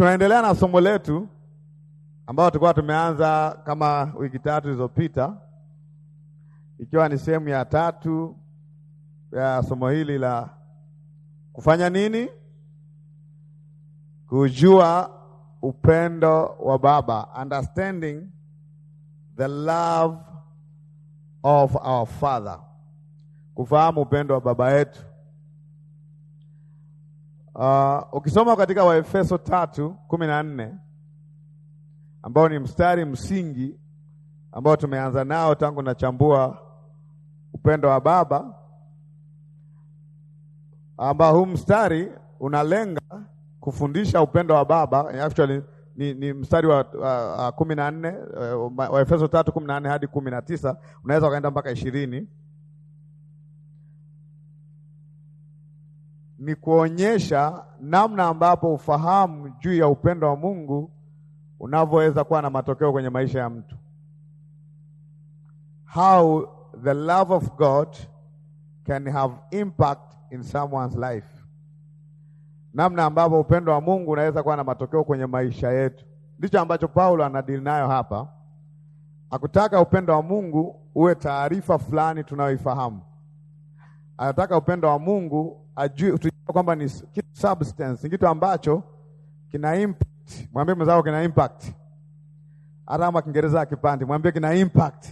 Tunaendelea na somo letu ambao tulikuwa tumeanza kama wiki tatu zilizopita, ikiwa ni sehemu ya tatu ya somo hili la kufanya nini? Kujua upendo wa Baba, understanding the love of our Father, kufahamu upendo wa baba yetu. Uh, ukisoma katika Waefeso tatu kumi na nne ambao ni mstari msingi ambao tumeanza nao tangu nachambua upendo wa Baba, ambao huu mstari unalenga kufundisha upendo wa Baba. Actually ni, ni mstari wa uh, kumi na nne uh, Waefeso tatu kumi na nne hadi kumi na tisa unaweza ukaenda mpaka ishirini. ni kuonyesha namna ambapo ufahamu juu ya upendo wa Mungu unavyoweza kuwa na matokeo kwenye maisha ya mtu. How the love of God can have impact in someone's life. Namna ambapo upendo wa Mungu unaweza kuwa na matokeo kwenye maisha yetu, ndicho ambacho Paulo anadili nayo hapa. Akutaka upendo wa Mungu uwe taarifa fulani tunayoifahamu. Anataka upendo wa Mungu ajue tujue kwamba ni kitu substance, ni kitu ambacho kina impact. Mwambie mwenzako kina impact, hata kama Kiingereza akipandi, mwambie kina impact.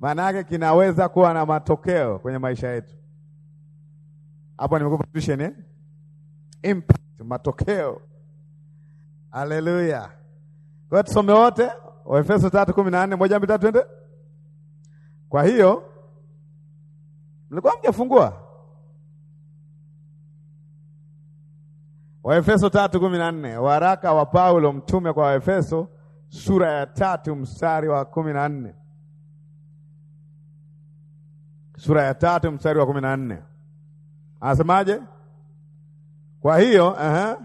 Maana yake kinaweza kuwa na matokeo kwenye maisha yetu. Hapo nimekupa vision eh? Impact, matokeo. Haleluya. Kwa hiyo tusome wote Waefeso 3:14 moja mbili tatu twende. Kwa hiyo mlikuwa mjafungua Waefeso tatu kumi na nne. Waraka wa Paulo mtume kwa Waefeso sura ya tatu mstari wa kumi na nne sura ya tatu mstari wa kumi na nne anasemaje? Kwa hiyo uh -huh.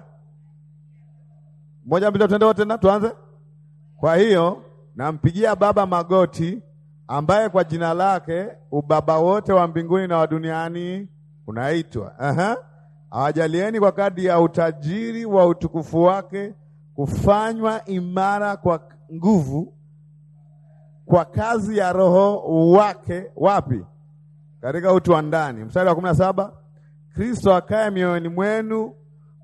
Moja mbili tuende wote na tuanze. Kwa hiyo nampigia Baba magoti ambaye kwa jina lake ubaba wote wa mbinguni na wa duniani unaitwa uh -huh awajalieni kwa kadri ya utajiri wa utukufu wake kufanywa imara kwa nguvu kwa kazi ya Roho wake wapi? Katika utu wa ndani. Mstari wa kumi na saba Kristo akaye mioyoni mwenu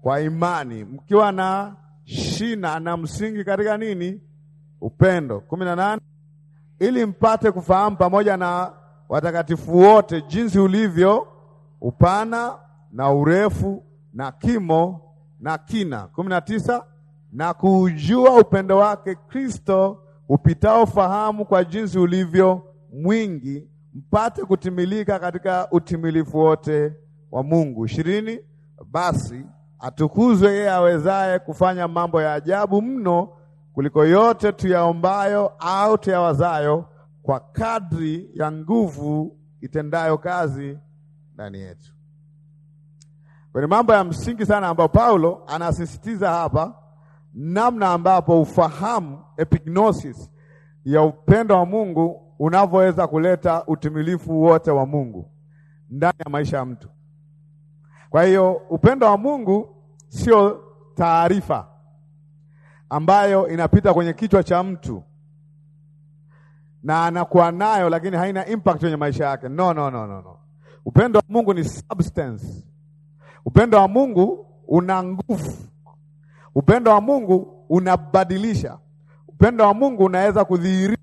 kwa imani, mkiwa na shina na msingi katika nini? Upendo. kumi na nane ili mpate kufahamu pamoja na watakatifu wote jinsi ulivyo upana na urefu na kimo na kina. kumi na tisa na kuujua upendo wake Kristo upitao fahamu, kwa jinsi ulivyo mwingi, mpate kutimilika katika utimilifu wote wa Mungu. ishirini basi atukuzwe yeye awezaye kufanya mambo ya ajabu mno kuliko yote tuyaombayo au tuyawazayo, kwa kadri ya nguvu itendayo kazi ndani yetu kwenye mambo ya msingi sana ambayo Paulo anasisitiza hapa, namna ambapo ufahamu epignosis ya upendo wa Mungu unavyoweza kuleta utimilifu wote wa Mungu ndani ya maisha ya mtu. Kwa hiyo upendo wa Mungu sio taarifa ambayo inapita kwenye kichwa cha mtu na anakuwa nayo, lakini haina impact kwenye maisha yake. No, no, no, no, no. Upendo wa Mungu ni substance Upendo wa Mungu una nguvu. Upendo wa Mungu unabadilisha. Upendo wa Mungu unaweza kudhihirisha,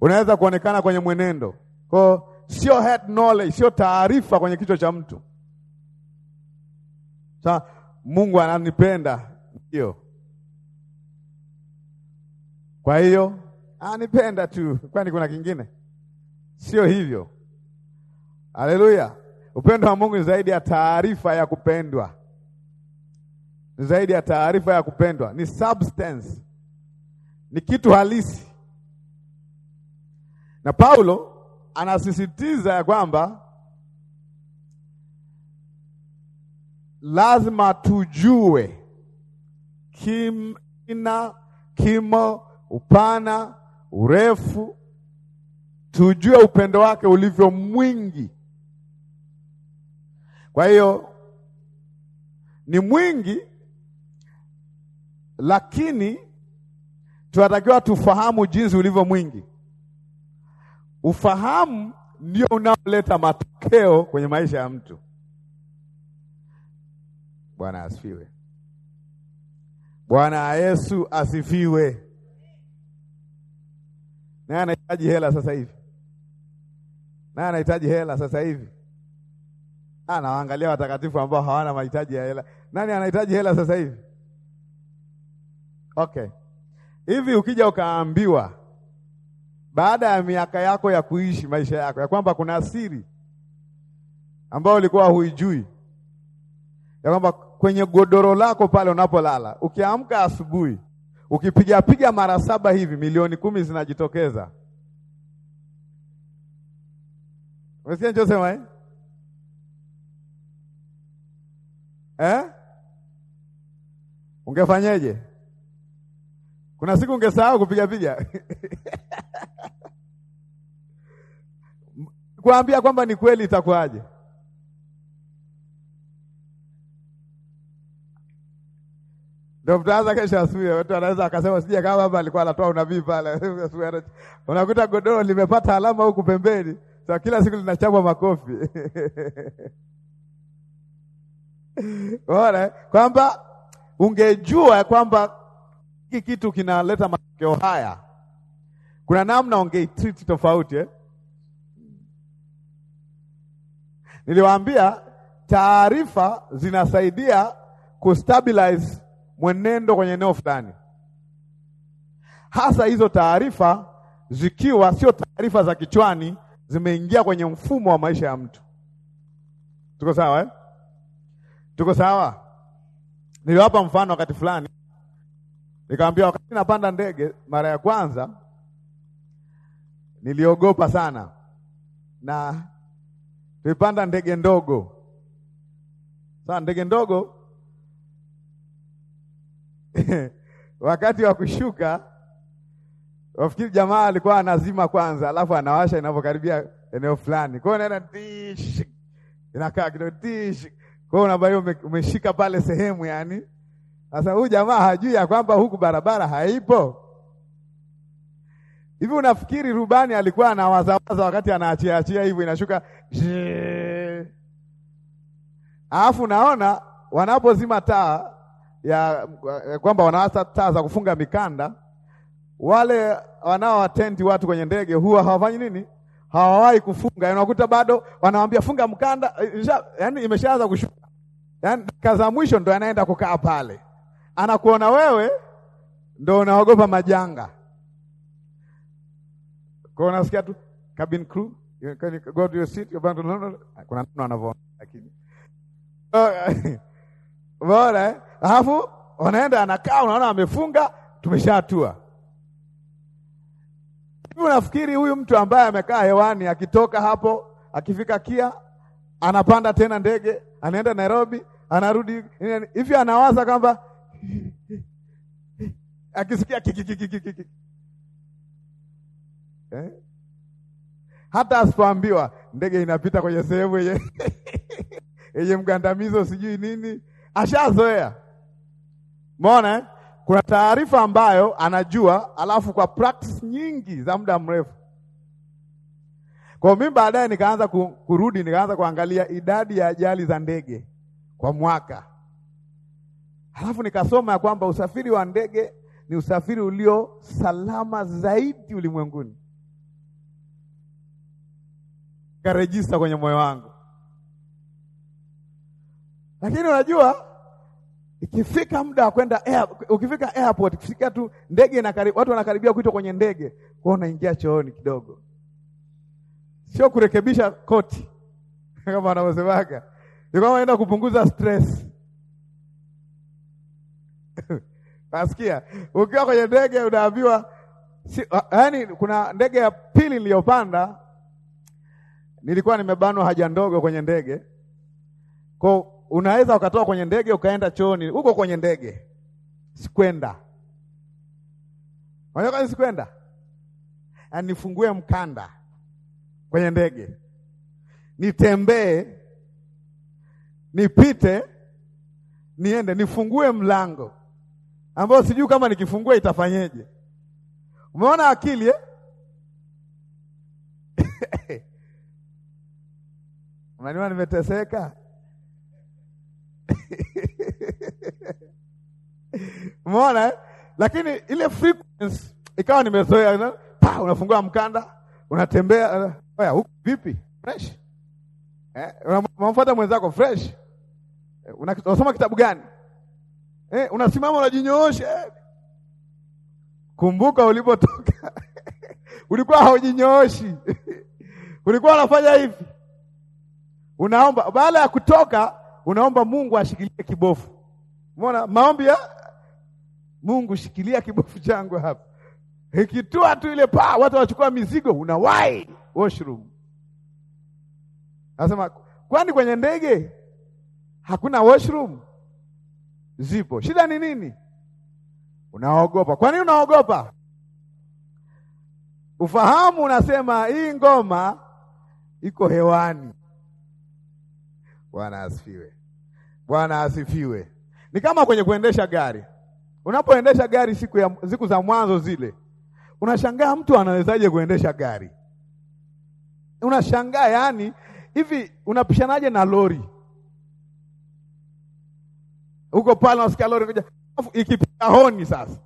unaweza kuonekana kwenye mwenendo. Kwa sio head knowledge, sio taarifa kwenye kichwa cha mtu. Sa Mungu ananipenda, ndio. Kwa hiyo anipenda tu, kwani kuna kingine? Sio hivyo. Haleluya. Upendo wa Mungu ni zaidi ya taarifa ya kupendwa, ni zaidi ya taarifa ya kupendwa, ni substance, ni kitu halisi. Na Paulo anasisitiza ya kwamba lazima tujue ina kimo, upana, urefu, tujue upendo wake ulivyo mwingi kwa hiyo ni mwingi, lakini tunatakiwa tufahamu jinsi ulivyo mwingi. Ufahamu ndio unaoleta matokeo kwenye maisha ya mtu. Bwana asifiwe. Bwana Yesu asifiwe. Naye anahitaji hela sasa hivi, naye anahitaji hela sasa hivi. Ah, nawaangalia watakatifu ambao hawana mahitaji ya hela. Nani anahitaji hela sasa hivi? Okay, hivi ukija ukaambiwa baada ya miaka yako ya kuishi maisha yako ya kwamba kuna siri ambayo ulikuwa huijui, ya kwamba kwenye godoro lako pale unapolala, ukiamka asubuhi, ukipigapiga mara saba hivi, milioni kumi zinajitokeza. Umesikia nichosema eh? eh? Ungefanyeje? Kuna siku ungesahau kupiga piga kuambia kwamba ni kweli, itakuwaje? Ndio mtaanza kesho asubuhi, watu anaweza akasema sije kama baba alikuwa anatoa unabii pale. Unakuta godoro limepata alama huku pembeni, Sasa kila siku linachapwa makofi Unaona kwamba ungejua kwamba hiki kitu kinaleta matokeo haya, kuna namna ungeitreat tofauti eh? Niliwaambia taarifa zinasaidia kustabilize mwenendo kwenye eneo fulani, hasa hizo taarifa zikiwa sio taarifa za kichwani, zimeingia kwenye mfumo wa maisha ya mtu. Tuko sawa eh? Tuko sawa? Niliwapa mfano wakati fulani, nikamwambia wakati napanda ndege mara ya kwanza niliogopa sana, na tulipanda ndege ndogo. Sasa ndege ndogo wakati wa kushuka, wafikiri jamaa alikuwa anazima kwanza, alafu anawasha inapokaribia eneo fulani, kwa hiyo inakaa kidogo kwa hiyo unabaki umeshika pale sehemu yani. Sasa huyu jamaa hajui ya kwamba huku barabara haipo. Hivi unafikiri rubani alikuwa anawazawaza wakati anaachiaachia achia hivyo inashuka? Alafu naona wanapozima taa ya kwamba wanawasa taa za kufunga mikanda, wale wanaoatendi watu kwenye ndege huwa hawafanyi nini? hawawahi kufunga, yaani unakuta bado wanawambia funga mkanda, eh, yaani imeshaanza kushuka, yaani dakika za mwisho ndo anaenda kukaa pale, anakuona wewe ndo unaogopa majanga, kwa unasikia tu cabin crew go to your seat, kuna mtu wanavyoona lakini bora, eh? alafu wanaenda anakaa, unaona amefunga, tumeshatua Unafikiri huyu mtu ambaye amekaa hewani akitoka hapo akifika Kia anapanda tena ndege anaenda Nairobi anarudi hivyo, anawaza kwamba akisikia ki eh? hata asipoambiwa ndege inapita kwenye sehemu yenye mgandamizo sijui nini, ashazoea. Umeona eh? kuna taarifa ambayo anajua, alafu kwa practice nyingi za muda mrefu. Kwa mimi baadaye nikaanza kurudi, nikaanza kuangalia idadi ya ajali za ndege kwa mwaka, alafu nikasoma ya kwamba usafiri wa ndege ni usafiri ulio salama zaidi ulimwenguni. Karejista kwenye moyo wangu, lakini unajua Ikifika muda wa kwenda air, ukifika airport, ukifika tu ndege inakaribia, watu wanakaribia kuitwa kwenye ndege, kwa unaingia chooni kidogo, sio kurekebisha koti kama wanavyosemaga, ni kama naenda kupunguza stress nasikia ukiwa kwenye ndege unaambiwa si, ah, yaani kuna ndege ya pili niliyopanda nilikuwa nimebanwa haja ndogo kwenye ndege kwa Unaweza ukatoka kwenye ndege ukaenda chooni, uko kwenye ndege, sikwenda aa, sikwenda nifungue mkanda kwenye ndege, nitembee, nipite, niende, nifungue mlango ambao sijui kama nikifungua itafanyeje. Umeona akili eh? Unaniona nimeteseka. Umeona eh? Lakini ile frequency ikawa nimezoea, eh, pa unafungua mkanda, unatembea haya eh, huku vipi? Fresh. Eh, unamfuata mwenzako fresh. Eh, unasoma kitabu gani? Eh, unasimama unajinyoosha. Kumbuka ulipotoka. Ulikuwa haujinyooshi Ulikuwa unafanya hivi. Unaomba baada ya kutoka unaomba Mungu ashikilie kibofu. Umeona maombi ya Mungu, shikilia kibofu changu hapa. Ikitoa tu ile paa, watu wachukua mizigo, unawahi washroom. Nasema kwani kwenye ndege hakuna washroom? Zipo. Shida ni nini? Unaogopa. Kwa nini unaogopa? Ufahamu unasema hii ngoma iko hewani. Bwana asifiwe. Bwana asifiwe. Ni kama kwenye kuendesha gari. Unapoendesha gari siku ya, siku za mwanzo zile, unashangaa mtu anawezaje kuendesha gari? Unashangaa yani, hivi unapishanaje na lori? Huko pale unasikia lori kuja, ikipiga honi sasa.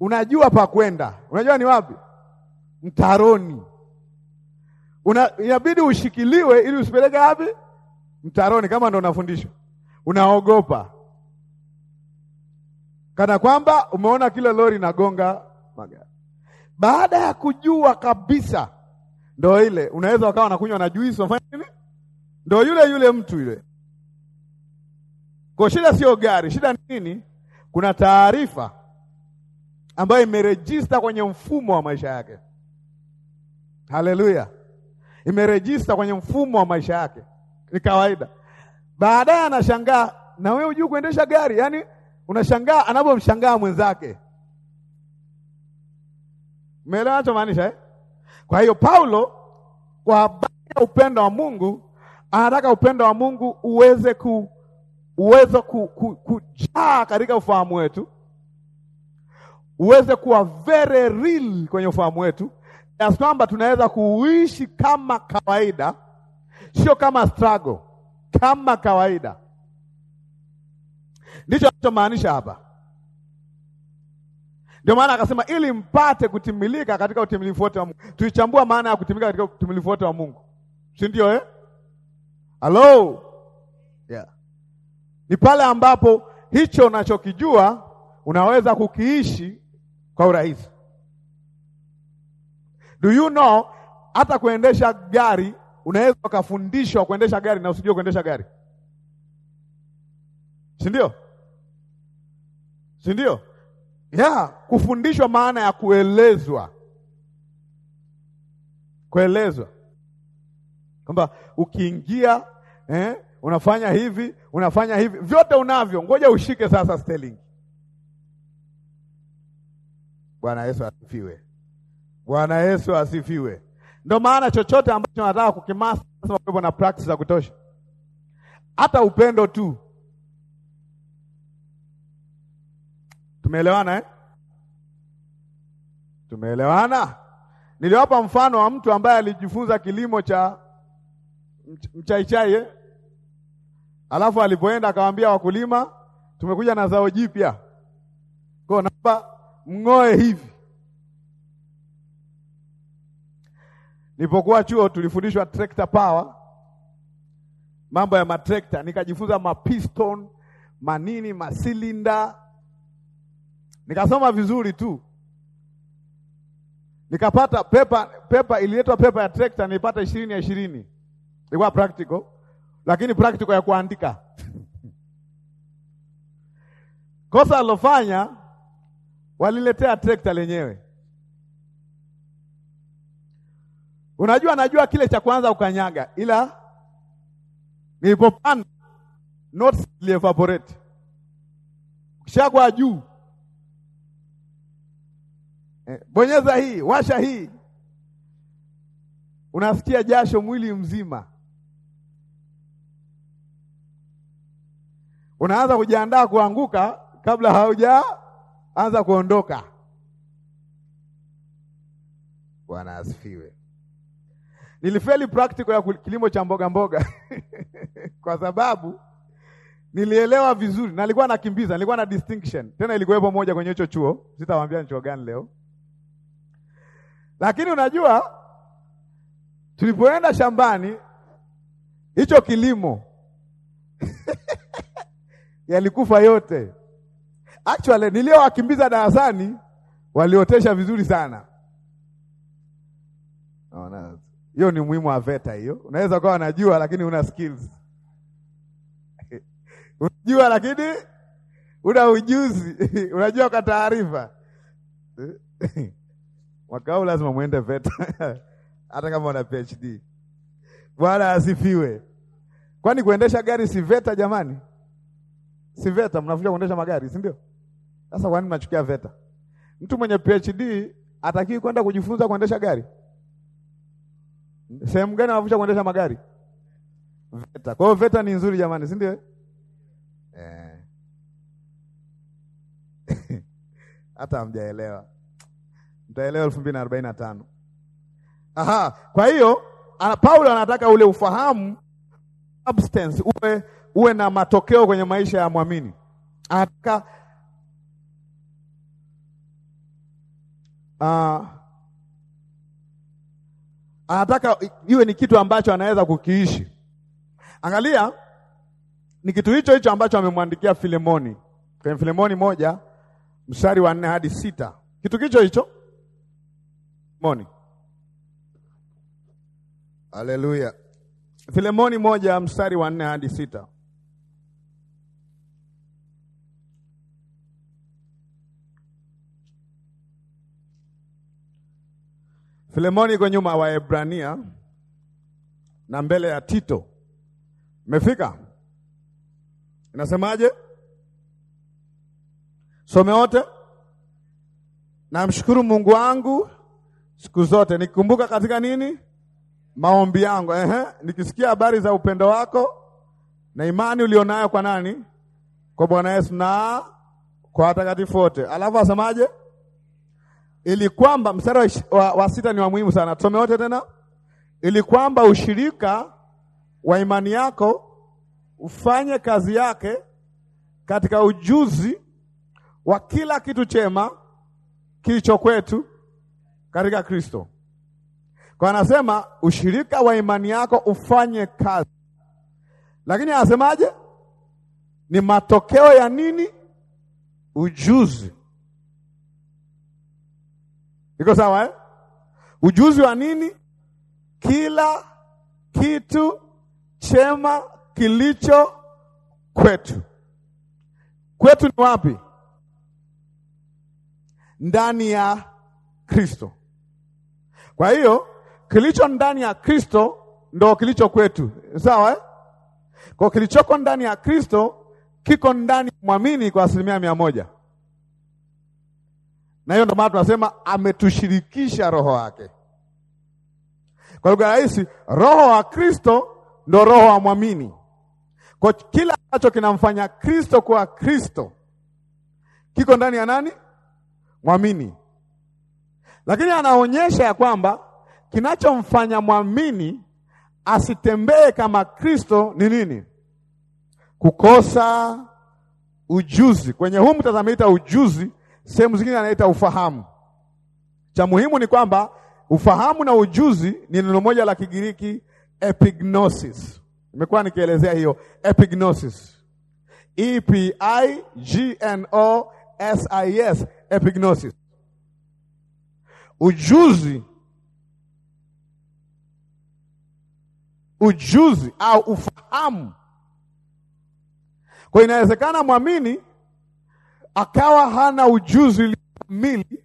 Unajua pa kwenda. Unajua ni wapi? Mtaroni. Una, inabidi ushikiliwe ili usipeleke wapi? mtaroni, kama ndo unafundishwa, unaogopa, kana kwamba umeona kila lori nagonga magari. Baada ya kujua kabisa, ndo ile unaweza ukawa nakunywa na juisi, wafanya nini? Ndo yule yule mtu yule. Kwa shida sio gari, shida ni nini? Kuna taarifa ambayo imerejista kwenye mfumo wa maisha yake. Haleluya, imerejista kwenye mfumo wa maisha yake ni kawaida. Baadaye anashangaa na wewe hujui kuendesha gari, yaani unashangaa anapomshangaa mwenzake. Umeelewa anachomaanisha eh? Kwa hiyo Paulo kwa habari ya upendo wa Mungu anataka upendo wa Mungu uweze ku uweze ku, ku, kujaa katika ufahamu wetu, uweze kuwa very real kwenye ufahamu wetu, kiasi kwamba tunaweza kuishi kama kawaida sio kama struggle, kama kawaida. Ndicho anachomaanisha hapa. Ndio maana akasema ili mpate kutimilika katika utimilifu wote wa Mungu. Tuichambua maana ya kutimilika katika utimilifu wote wa Mungu, si ndio eh? Hello? Yeah. Ni pale ambapo hicho unachokijua unaweza kukiishi kwa urahisi. Do you know hata kuendesha gari unaweza ukafundishwa kuendesha gari na usijue kuendesha gari, si ndio? Si ndio? ya kufundishwa maana ya kuelezwa, kuelezwa kwamba ukiingia eh, unafanya hivi unafanya hivi, vyote unavyo, ngoja ushike sasa steering. Bwana Yesu asifiwe! Bwana Yesu asifiwe! Ndio maana chochote ambacho nataka kukimasa lazima kuwepo na practice za kutosha, hata upendo tu. Tumeelewana eh? Tumeelewana. Niliwapa mfano wa mtu ambaye alijifunza kilimo cha mchaichai eh? Alafu alipoenda akawaambia wakulima, tumekuja na zao jipya, kwa naomba mng'oe hivi Nilipokuwa chuo tulifundishwa tractor power, mambo ya matrekta, nikajifunza mapiston, manini, masilinda, nikasoma vizuri tu, nikapata pepa pepa, ililetwa pepa ya trekta, nilipata ishirini ya ishirini, ilikuwa practical, lakini practical ya kuandika kosa alofanya, waliletea trekta lenyewe Unajua, najua kile cha kwanza ukanyaga, ila nilipopanda notes zilievaporate. Ukishakuwa juu eh, bonyeza hii, washa hii, unasikia jasho mwili mzima, unaanza kujiandaa kuanguka kabla haujaanza kuondoka. Bwana asifiwe. Nilifeli practical ya kilimo cha mboga mboga kwa sababu nilielewa vizuri na nilikuwa nakimbiza, nilikuwa na distinction. Tena ilikuwepo moja kwenye hicho chuo, sitawaambia ni chuo gani leo. Lakini unajua tulipoenda shambani hicho kilimo yalikufa yote. Actually niliowakimbiza darasani waliotesha vizuri sana. Hiyo ni muhimu wa VETA hiyo. Unaweza kuwa unajua lakini una skills. Unajua lakini una ujuzi. Unajua kwa taarifa. Mwaka huu lazima muende VETA hata kama una PhD. Bwana asifiwe. Kwani kuendesha gari si VETA jamani? Si VETA mnafunza kuendesha magari, si ndio? Sasa kwani mnachukia VETA? Mtu mwenye PhD atakiwi kwenda kujifunza kuendesha gari? Hmm? Sehemu gani wanafundisha kuendesha magari? VETA. Kwa hiyo VETA ni nzuri jamani, si ndio? Eh. Hata hamjaelewa. Mtaelewa elfu mbili na arobaini na tano. Aha, kwa hiyo Paulo anataka ule ufahamu substance uwe uwe na matokeo kwenye maisha ya mwamini. Anataka uh, anataka iwe ni kitu ambacho anaweza kukiishi. Angalia, ni kitu hicho hicho ambacho amemwandikia Filemoni kwenye Filemoni moja mstari wa nne hadi sita kitu kicho hicho moni. Haleluya! Filemoni moja mstari wa nne hadi sita Filemoni iko nyuma, Waebrania na mbele ya Tito. Mefika, inasemaje? Some wote. Namshukuru Mungu wangu siku zote nikikumbuka katika nini maombi yangu, ehe, nikisikia habari za upendo wako na imani ulionayo kwa nani? Kwa Bwana Yesu na kwa watakatifu wote. Alafu asemaje? ili kwamba mstari wa, wa, wa sita ni wa muhimu sana. Tusome wote tena, ili kwamba ushirika wa imani yako ufanye kazi yake katika ujuzi wa kila kitu chema kilicho kwetu katika Kristo. Kwa anasema ushirika wa imani yako ufanye kazi, lakini anasemaje? Ni matokeo ya nini? Ujuzi Iko sawa eh? Ujuzi wa nini? Kila kitu chema kilicho kwetu. Kwetu ni wapi? Ndani ya Kristo. Kwa hiyo kilicho ndani ya Kristo ndo kilicho kwetu, sawa eh? Kwa kilichoko ndani ya Kristo kiko ndani ya mwamini kwa asilimia mia moja na hiyo ndio maana tunasema ametushirikisha roho wake. Kwa lugha rahisi, roho wa Kristo ndo roho wa mwamini. Kwa kila ambacho kinamfanya Kristo kuwa Kristo kiko ndani ya nani? Mwamini. Lakini anaonyesha ya kwamba kinachomfanya mwamini asitembee kama Kristo ni nini? Kukosa ujuzi. Kwenye huu mtazamaita ujuzi sehemu zingine anaita ufahamu. Cha muhimu ni kwamba ufahamu na ujuzi ni neno moja la Kigiriki epignosis. Nimekuwa nikielezea hiyo epignosis, E P I G N O S I S, epignosis. Ujuzi, ujuzi au ufahamu. Kwa inawezekana mwamini akawa hana ujuzi kamili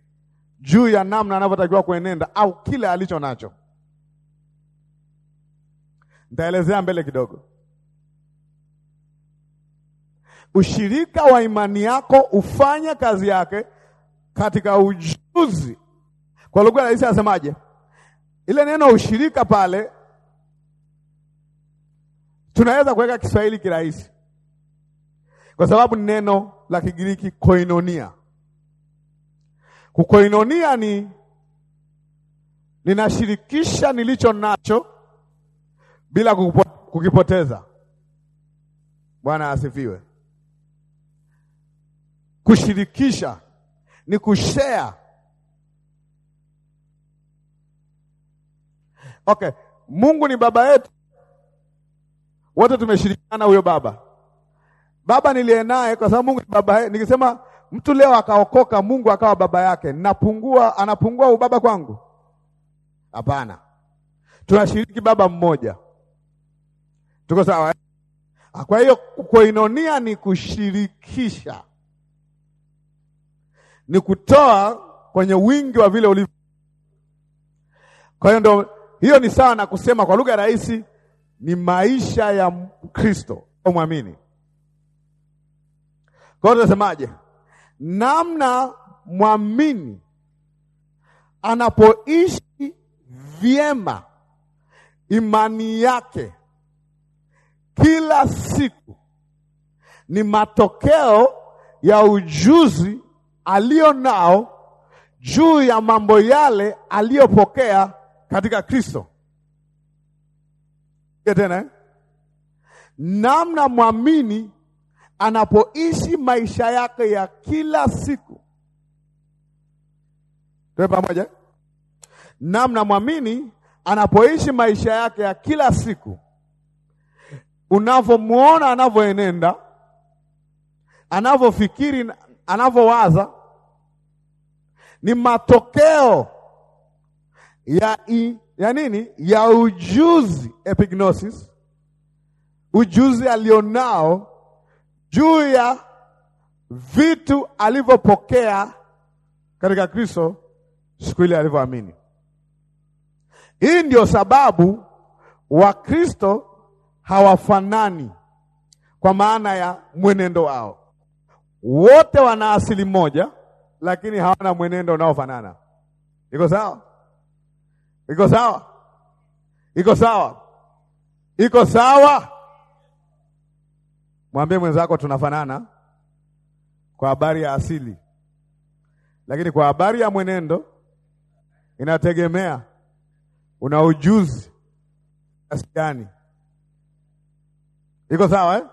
juu ya namna anavyotakiwa kuenenda au kile alicho nacho. Nitaelezea mbele kidogo. Ushirika wa imani yako ufanye kazi yake katika ujuzi. Kwa lugha rahisi anasemaje? Ile neno ushirika pale tunaweza kuweka Kiswahili kirahisi kwa sababu ni neno la Kigiriki koinonia. Kukoinonia ni ninashirikisha nilicho nacho bila kukipoteza. Bwana asifiwe. Kushirikisha ni kushare. Okay, Mungu ni baba yetu wote, tumeshirikiana huyo baba baba niliye naye, kwa sababu Mungu ni baba. Nikisema mtu leo akaokoka, Mungu akawa baba yake, napungua, anapungua ubaba kwangu? Hapana, tunashiriki baba mmoja, tuko sawa. Kwa hiyo koinonia ni kushirikisha, ni kutoa kwenye wingi wa vile ulivyo. Kwa hiyo ndio hiyo, ni sawa na kusema kwa lugha rahisi, ni maisha ya Kristo au mwamini kwa hiyo tunasemaje? Namna mwamini anapoishi vyema imani yake kila siku ni matokeo ya ujuzi aliyo nao juu ya mambo yale aliyopokea katika Kristo. Tena eh? namna mwamini anapoishi maisha yake ya kila siku. Tuwe pamoja. Namna mwamini anapoishi maisha yake ya kila siku, unavyomuona, anavyoenenda, anavyofikiri, anavyowaza, ni matokeo ya, i, ya nini? Ya ujuzi epignosis, ujuzi alionao juu ya vitu alivyopokea katika Kristo siku ile alivyoamini. Hii ndio sababu Wakristo hawafanani kwa maana ya mwenendo wao. Wote wana asili moja, lakini hawana mwenendo unaofanana. Iko sawa? Iko sawa? Iko sawa? Iko sawa? Mwambie mwenzako tunafanana kwa habari ya asili, lakini kwa habari ya mwenendo inategemea una ujuzi kiasi gani. Iko sawa eh?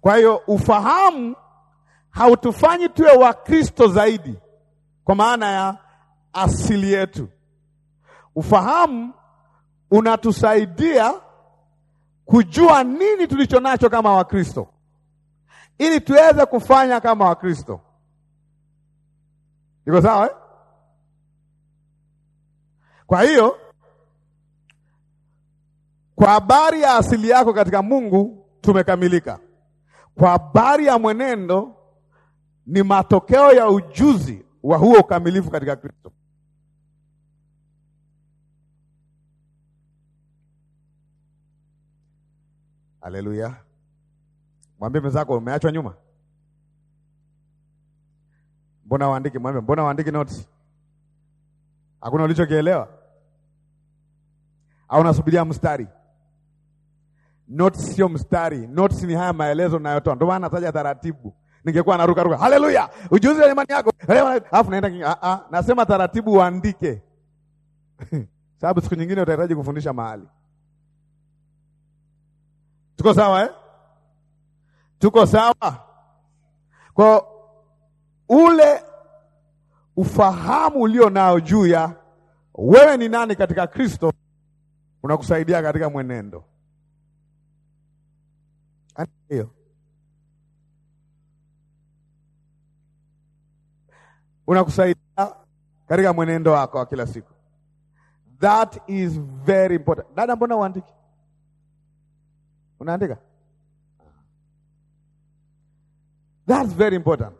Kwa hiyo ufahamu hautufanyi tuwe Wakristo zaidi kwa maana ya asili yetu. Ufahamu unatusaidia kujua nini tulicho nacho kama Wakristo ili tuweze kufanya kama Wakristo. Iko sawa eh? Kwa hiyo kwa habari ya asili yako katika Mungu tumekamilika. Kwa habari ya mwenendo ni matokeo ya ujuzi wa huo ukamilifu katika Kristo. Haleluya. Mwambie mwenzako umeachwa nyuma. Mbona waandiki, mwambie mbona waandiki notes? Hakuna ulichokielewa au unasubiria mstari? Notes sio mstari, notes ni haya maelezo ninayotoa. Ndio maana nataja taratibu, ningekuwa naruka ruka. Haleluya, ujuzi wa imani yako, alafu naenda a a, ah, ah. nasema taratibu, uandike sababu siku nyingine utahitaji kufundisha mahali Tuko sawa eh? Tuko sawa kwa ule ufahamu ulio nao juu ya wewe ni nani katika Kristo, unakusaidia katika mwenendo hiyo. Unakusaidia katika mwenendo wako wa kila siku. That is very important. Dada, mbona uandiki? Unaandika? That's very important.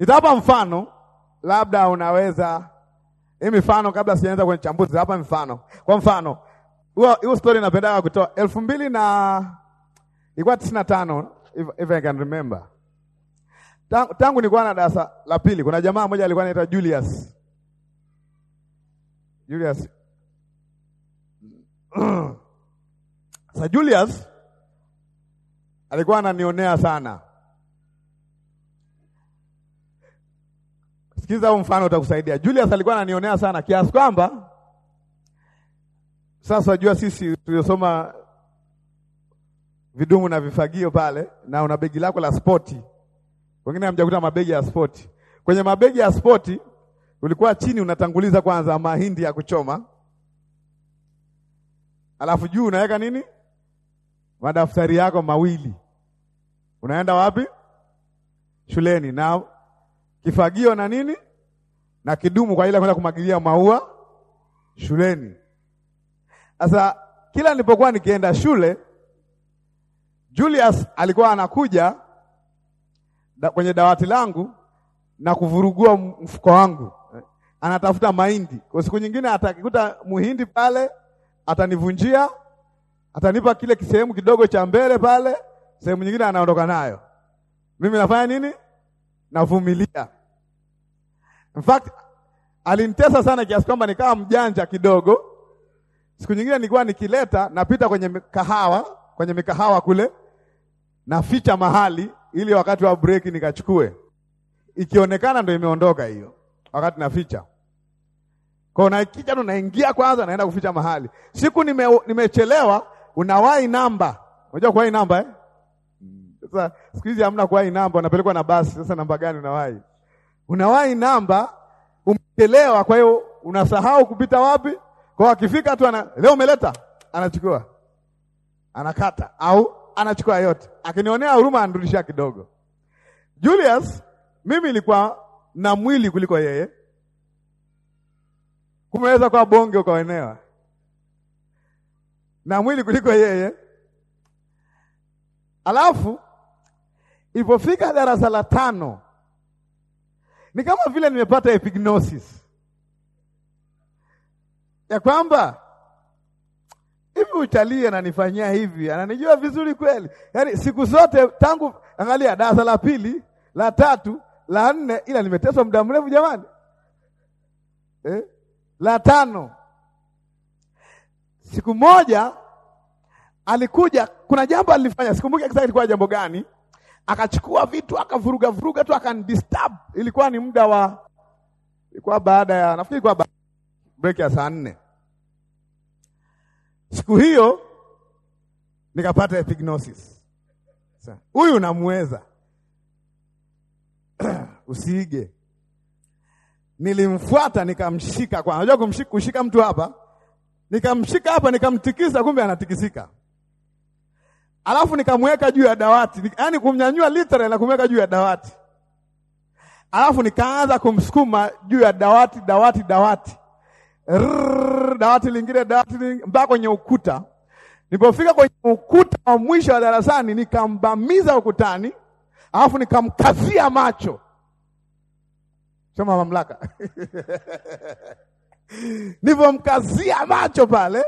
Nitawapa mfano, labda unaweza hii mifano kabla sijaanza kwenye chambuzi, hapa mfano. Kwa mfano, hiyo story napendaga kutoa elfu mbili na ilikuwa tisini na tano if, if I can remember. Tang, tangu nilikuwa na darasa la pili, kuna jamaa mmoja alikuwa anaitwa Julius Julius mm. Julius alikuwa ananionea sana. Sikiza huu mfano utakusaidia. Julius alikuwa ananionea sana kiasi kwamba sasa jua sisi tuliosoma vidumu na vifagio pale, na una begi lako la spoti. Wengine hamjakuta mabegi ya spoti. Kwenye mabegi ya spoti ulikuwa chini unatanguliza kwanza mahindi ya kuchoma alafu juu unaweka nini? Madaftari yako mawili. Unaenda wapi? Shuleni na kifagio na nini na kidumu kwa ile kwenda kumwagilia maua shuleni. Sasa kila nilipokuwa nikienda shule, Julius alikuwa anakuja da, kwenye dawati langu na kuvurugua mfuko wangu, anatafuta mahindi. Kwa siku nyingine atakikuta muhindi pale atanivunjia, atanipa kile kisehemu kidogo cha mbele pale, sehemu nyingine anaondoka nayo. Mimi nafanya nini? Navumilia. In fact alinitesa sana kiasi kwamba nikawa mjanja kidogo. Siku nyingine nilikuwa nikileta, napita kwenye mikahawa, kwenye mikahawa kule, naficha mahali ili wakati wa break nikachukue, ikionekana ndo imeondoka hiyo, wakati naficha kwa unakija unaikija unaingia kwanza, naenda kuficha mahali. Siku nimechelewa nime, nimechelewa, unawahi namba. Unajua kuwahi namba eh? Sasa siku hizi hamna kuwahi namba, unapelekwa na basi. Sasa namba gani unawahi? Unawahi namba, umechelewa, kwa hiyo unasahau kupita wapi. Kwa akifika tu ana leo umeleta, anachukua. Anakata au anachukua yote. Akinionea huruma anirudishia kidogo. Julius, mimi nilikuwa na mwili kuliko yeye kumeweza kwa bonge ukaonewa na mwili kuliko yeye. Alafu ilipofika darasa la tano ni kama vile nimepata epignosis ya kwamba hivi uchalii ananifanyia hivi, ananijua vizuri kweli. Yaani siku zote tangu, angalia, darasa la pili, la tatu, la nne, ila nimeteswa muda mrefu jamani, eh? La tano, siku moja alikuja, kuna jambo alilifanya, sikumbuki exactly ilikuwa jambo gani. Akachukua vitu akavuruga vuruga tu akanidisturb. Ilikuwa ni muda wa, ilikuwa baada ya nafikiri, ilikuwa break ya saa nne. Siku hiyo nikapata epignosis. Huyu namweza usiige Nilimfuata nikamshika kwa. Unajua kumshika kushika mtu hapa. Nikamshika hapa nikamtikisa kumbe anatikisika. Alafu nikamweka juu ya dawati. Yaani kumnyanyua literally na kumweka juu ya dawati. Alafu nikaanza kumsukuma juu ya dawati dawati dawati. Rrr, dawati lingine dawati lingine mpaka kwenye ukuta. Nilipofika kwenye ukuta wa mwisho wa darasani nikambamiza ukutani, alafu nikamkazia macho. Choma mamlaka nilivyomkazia macho pale,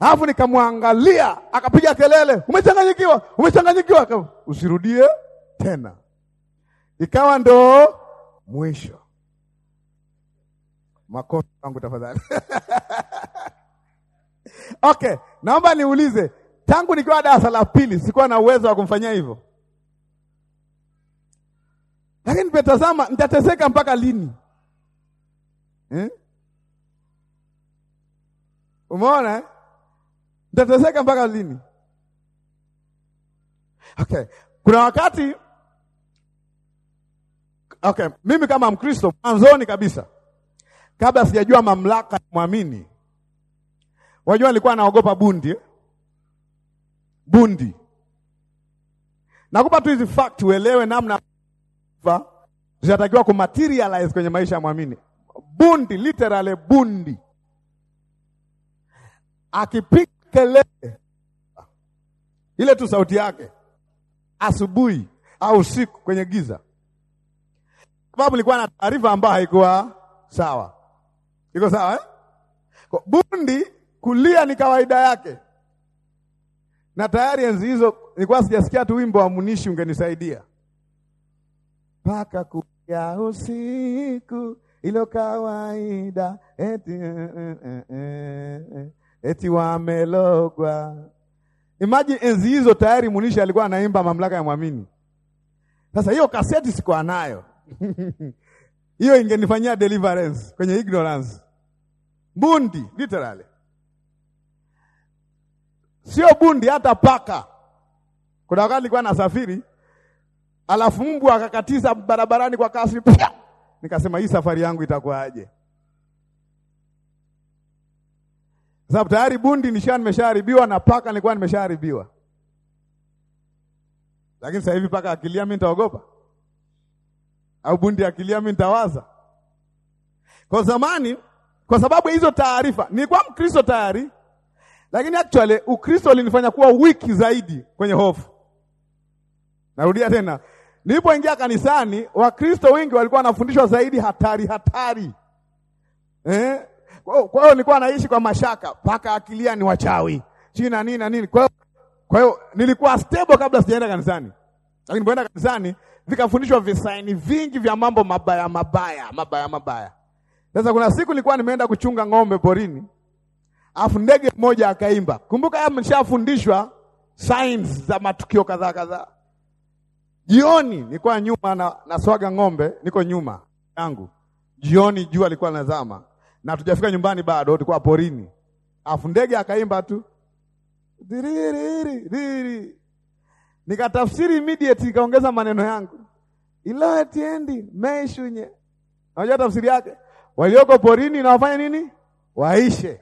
alafu nikamwangalia, akapiga kelele, umechanganyikiwa, umechanganyikiwa, usirudie tena. Ikawa ndo mwisho. Makofi wangu tafadhali. Okay, naomba niulize, tangu nikiwa darasa la pili sikuwa na uwezo wa kumfanyia hivyo? lakini nimetazama nitateseka mpaka lini eh? Umeona eh? nitateseka mpaka lini? Okay, kuna wakati okay, mimi kama Mkristo mwanzoni kabisa, kabla sijajua mamlaka mwamini, wajua nilikuwa naogopa bundi eh? bundi. Nakupa tu hizi fact uelewe namna sifa zinatakiwa kumaterialize kwenye maisha ya mwamini. Bundi, literally bundi, akipiga kelele ile tu sauti yake asubuhi au usiku kwenye giza, sababu ilikuwa na taarifa ambayo haikuwa sawa. Iko sawa eh? Kwa bundi kulia ni kawaida yake, na tayari enzi hizo nilikuwa sijasikia tu wimbo wa Munishi ungenisaidia mpaka kuya usiku, ilo kawaida eti, eh, eh, eh, eti wamelogwa. Imagine enzi hizo tayari Munisha alikuwa anaimba mamlaka ya mwamini. Sasa hiyo kaseti sikuwa nayo hiyo ingenifanyia deliverance kwenye ignorance bundi, literally sio bundi, hata paka. Kuna wakati nilikuwa nasafiri Alafu mbwa akakatiza barabarani kwa kasi. Nikasema hii safari yangu itakuwaje? Sababu tayari bundi nisha nimeshaharibiwa na paka nilikuwa nimeshaharibiwa. Lakini sasa hivi paka akilia mimi nitaogopa. Au bundi akilia mimi nitawaza. Kwa zamani kwa sababu hizo taarifa nilikuwa Mkristo tayari, lakini actually Ukristo ulinifanya kuwa wiki zaidi kwenye hofu. Narudia tena, Nilipoingia kanisani, Wakristo wengi walikuwa wanafundishwa zaidi hatari hatari, eh? Kwa hiyo nilikuwa naishi kwa mashaka, paka akilia ni wachawi chini na nini na nini. Kwa hiyo nilikuwa stable kabla sijaenda kanisani, lakini nilipoenda kanisani vikafundishwa visaini vingi vya mambo mabaya mabaya mabaya mabaya. Sasa kuna siku nilikuwa nimeenda kuchunga ng'ombe porini, afu ndege mmoja akaimba. Kumbuka yeye mshafundishwa signs za matukio kadhaa kadhaa Jioni nilikuwa nyuma na, naswaga ng'ombe, niko nyuma yangu. Jioni jua likuwa linazama na tujafika nyumbani bado, tulikuwa porini, Afu ndege akaimba tu diriri. diri, Nikatafsiri immediate, nikaongeza maneno yangu ilo atiendi meishunye. Unajua tafsiri yake, walioko porini na wafanya nini? Waishe.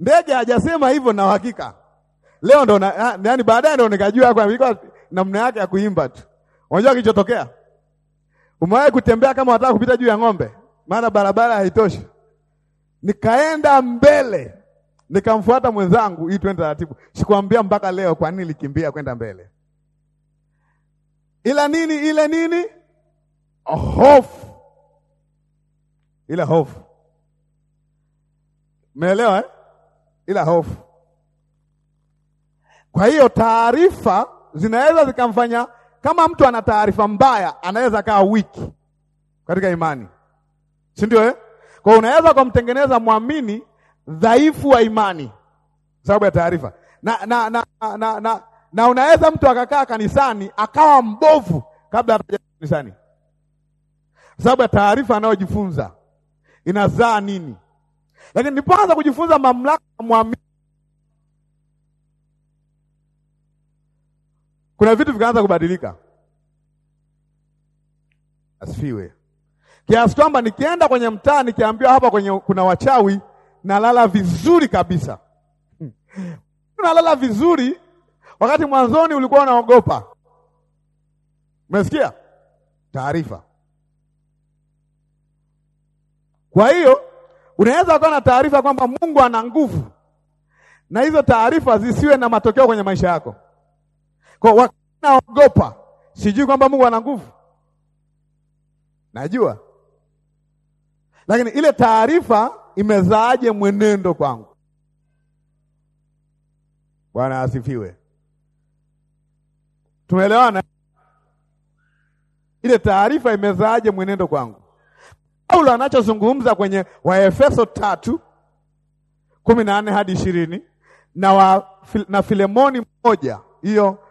Ndege hajasema hivyo na uhakika. Leo ndo na, yaani, baadaye ndo nikajua kwa namna yake ya kuimba tu. Unajua kilichotokea? Umewahi kutembea kama unataka kupita juu ya ng'ombe, maana barabara haitoshi. Nikaenda mbele, nikamfuata mwenzangu ili twende taratibu. Sikwambia mpaka leo kwa nini nilikimbia kwenda mbele, ila nini ile nini, hofu ila hofu, umeelewa eh? Ila hofu. Kwa hiyo taarifa zinaweza zikamfanya, kama mtu ana taarifa mbaya anaweza kaa wiki katika imani, si ndio eh? Kwa hiyo unaweza kumtengeneza mwamini dhaifu wa imani sababu ya taarifa na, na, na, na, na, na unaweza mtu akakaa kanisani akawa mbovu kabla hataja kanisani, sababu ya taarifa anayojifunza inazaa nini. Lakini nipoanza kujifunza mamlaka ya mwamini Kuna vitu vikaanza kubadilika. Asifiwe. Kiasi kwamba nikienda kwenye mtaa nikiambiwa hapa kwenye kuna wachawi, nalala vizuri kabisa. nalala vizuri wakati mwanzoni ulikuwa unaogopa. Umesikia taarifa? Kwa hiyo unaweza kuwa na taarifa kwamba Mungu ana nguvu, na hizo taarifa zisiwe na matokeo kwenye maisha yako. Kwa naogopa, sijui kwamba Mungu ana nguvu, najua, lakini ile taarifa imezaaje mwenendo kwangu? Bwana asifiwe. Tumeelewana? Ile taarifa imezaaje mwenendo kwangu? Paulo anachozungumza kwenye Waefeso tatu kumi na nne hadi ishirini na wa, na Filemoni moja hiyo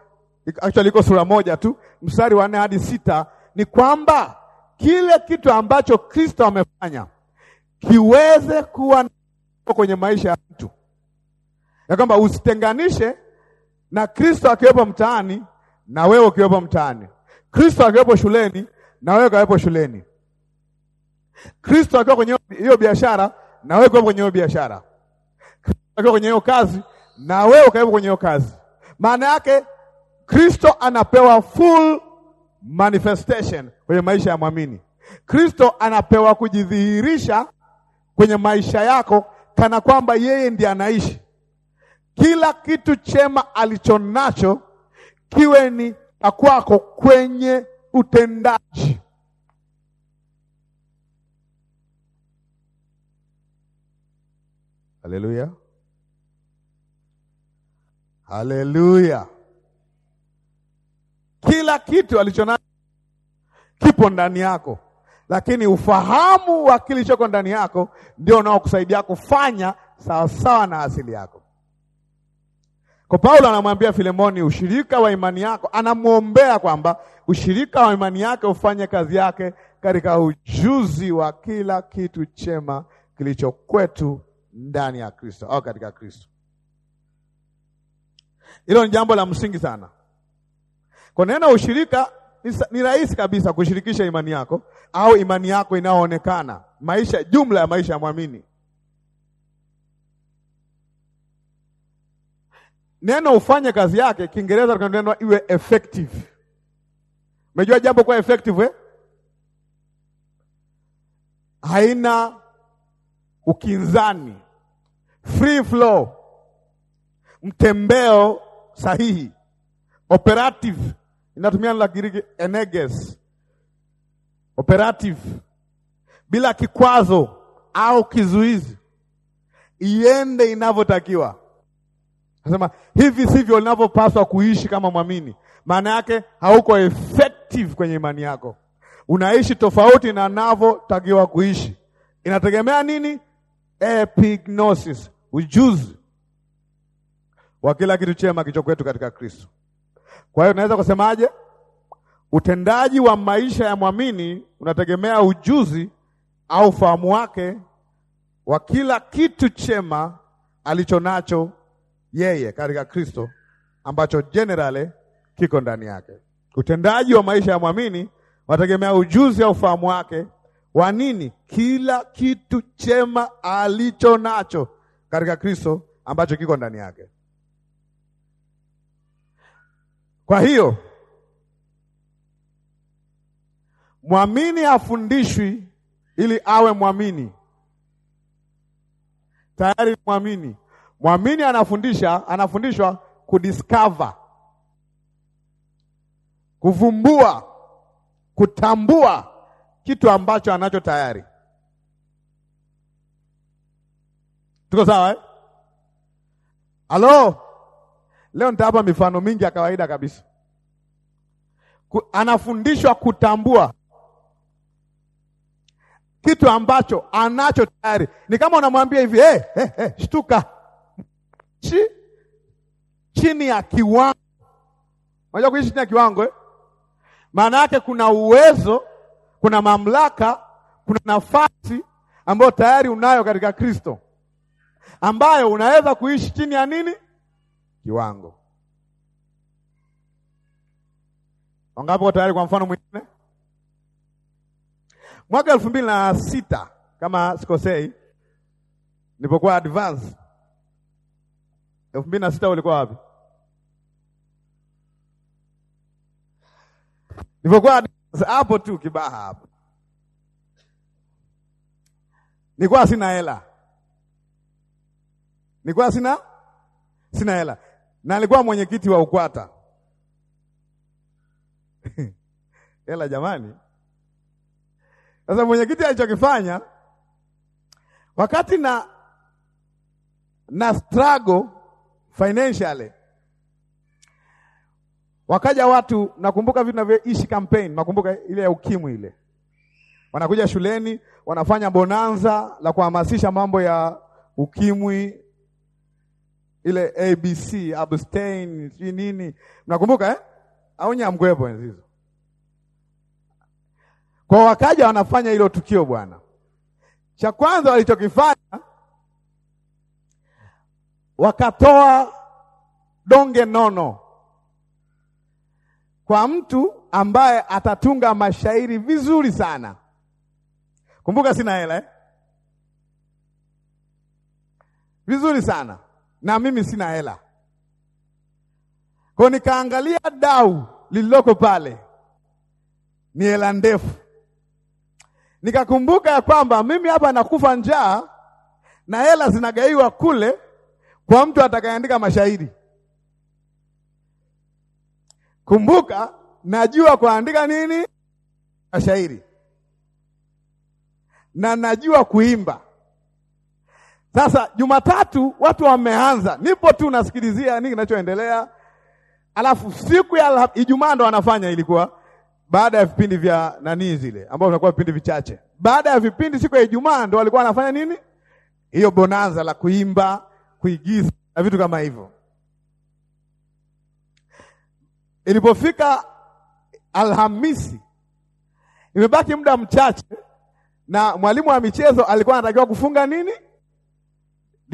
actually iko sura moja tu mstari wa nne hadi sita ni kwamba kile kitu ambacho Kristo amefanya kiweze kuwa kwenye maisha ya mtu, ya kwamba usitenganishe na Kristo akiwepo mtaani na wewe ukiwepo mtaani, Kristo akiwepo shuleni na wewe ukiwepo shuleni, Kristo akiwa kwenye hiyo biashara na wewe ukiwepo kwenye hiyo biashara, Kristo akiwa kwenye hiyo kazi na wewe ukiwepo kwenye hiyo kazi. Maana yake Kristo anapewa full manifestation kwenye maisha ya mwamini. Kristo anapewa kujidhihirisha kwenye maisha yako kana kwamba yeye ndiye anaishi. Kila kitu chema alichonacho kiwe ni kwako kwenye utendaji. Haleluya, haleluya. Kila kitu alichonacho kipo ndani yako, lakini ufahamu wa kilichoko ndani yako ndio unaokusaidia kufanya sawasawa na asili yako. Kwa Paulo anamwambia Filemoni, ushirika wa imani yako, anamwombea kwamba ushirika wa imani yake ufanye kazi yake katika ujuzi wa kila kitu chema kilicho kwetu ndani ya Kristo au katika Kristo. Hilo ni jambo la msingi sana. Kwa neno ushirika ni rahisi kabisa kushirikisha imani yako au imani yako inayoonekana, maisha jumla ya maisha ya mwamini. Neno ufanye kazi yake, Kiingereza tuna neno iwe effective. Umejua jambo kwa effective eh? Haina ukinzani, free flow, mtembeo sahihi, operative inatumia la Kigiriki eneges, operative, bila kikwazo au kizuizi, iende inavyotakiwa. Nasema hivi sivyo linavyopaswa kuishi kama mwamini. Maana yake hauko effective kwenye imani yako, unaishi tofauti na navyotakiwa kuishi. Inategemea nini? Epignosis, ujuzi wa kila kitu chema kichokwetu kwetu katika Kristo. Kwa hiyo naweza kusemaje? Utendaji wa maisha ya mwamini unategemea ujuzi au fahamu wake wa kila kitu chema alicho nacho yeye katika Kristo ambacho generally kiko ndani yake. Utendaji wa maisha ya mwamini unategemea ujuzi au fahamu wake wa nini? Kila kitu chema alicho nacho katika Kristo ambacho kiko ndani yake. Kwa hiyo mwamini afundishwi ili awe mwamini, tayari mwamini. Mwamini anafundisha anafundishwa kudiscover, kuvumbua, kutambua kitu ambacho anacho tayari. Tuko sawa eh? Halo? Leo nitawapa mifano mingi ya kawaida kabisa. Anafundishwa kutambua kitu ambacho anacho tayari. Ni kama unamwambia hivi hey, eh, eh, hey, eh, hey, shtuka chi chini ya kiwango. Unajua kuishi chini ya kiwango eh? Maana yake kuna uwezo, kuna mamlaka, kuna nafasi ambayo tayari unayo katika Kristo, ambayo unaweza kuishi chini ya nini? kiwango. Wangapi tayari kwa mfano mwingine? Mwaka elfu mbili na sita kama sikosei, nilipokuwa advance elfu mbili na sita ulikuwa wapi? Nilipokuwa hapo tu Kibaha hapo, nilikuwa sina hela, nilikuwa sina sina hela na alikuwa mwenyekiti wa UKWATA. hela jamani, sasa mwenyekiti alichokifanya wakati na na struggle financially, wakaja watu, nakumbuka vitu navyoishi campaign, nakumbuka ile ya ukimwi ile, wanakuja shuleni wanafanya bonanza la kuhamasisha mambo ya ukimwi ile ABC abstain si nini, mnakumbuka eh? au nyamgwepo hizo. Kwa wakaja wanafanya hilo tukio bwana. Cha kwanza walichokifanya wakatoa donge nono kwa mtu ambaye atatunga mashairi vizuri sana. Kumbuka sina hela eh? vizuri sana na mimi sina hela. Kwa nikaangalia dau lililoko pale ni hela ndefu, nikakumbuka ya kwamba mimi hapa nakufa njaa na hela zinagaiwa kule kwa mtu atakayeandika mashairi. Kumbuka najua kuandika nini mashairi na najua kuimba sasa Jumatatu watu wameanza, nipo tu nasikilizia nini kinachoendelea, alafu siku ya Ijumaa ndo wanafanya, ilikuwa baada ya vipindi vya nani zile ambao vinakuwa vipindi vichache, baada ya vipindi siku ya Ijumaa ndo walikuwa wanafanya nini, hiyo bonanza la kuimba, kuigiza na vitu kama hivyo. Ilipofika Alhamisi, imebaki muda mchache, na mwalimu wa michezo alikuwa anatakiwa kufunga nini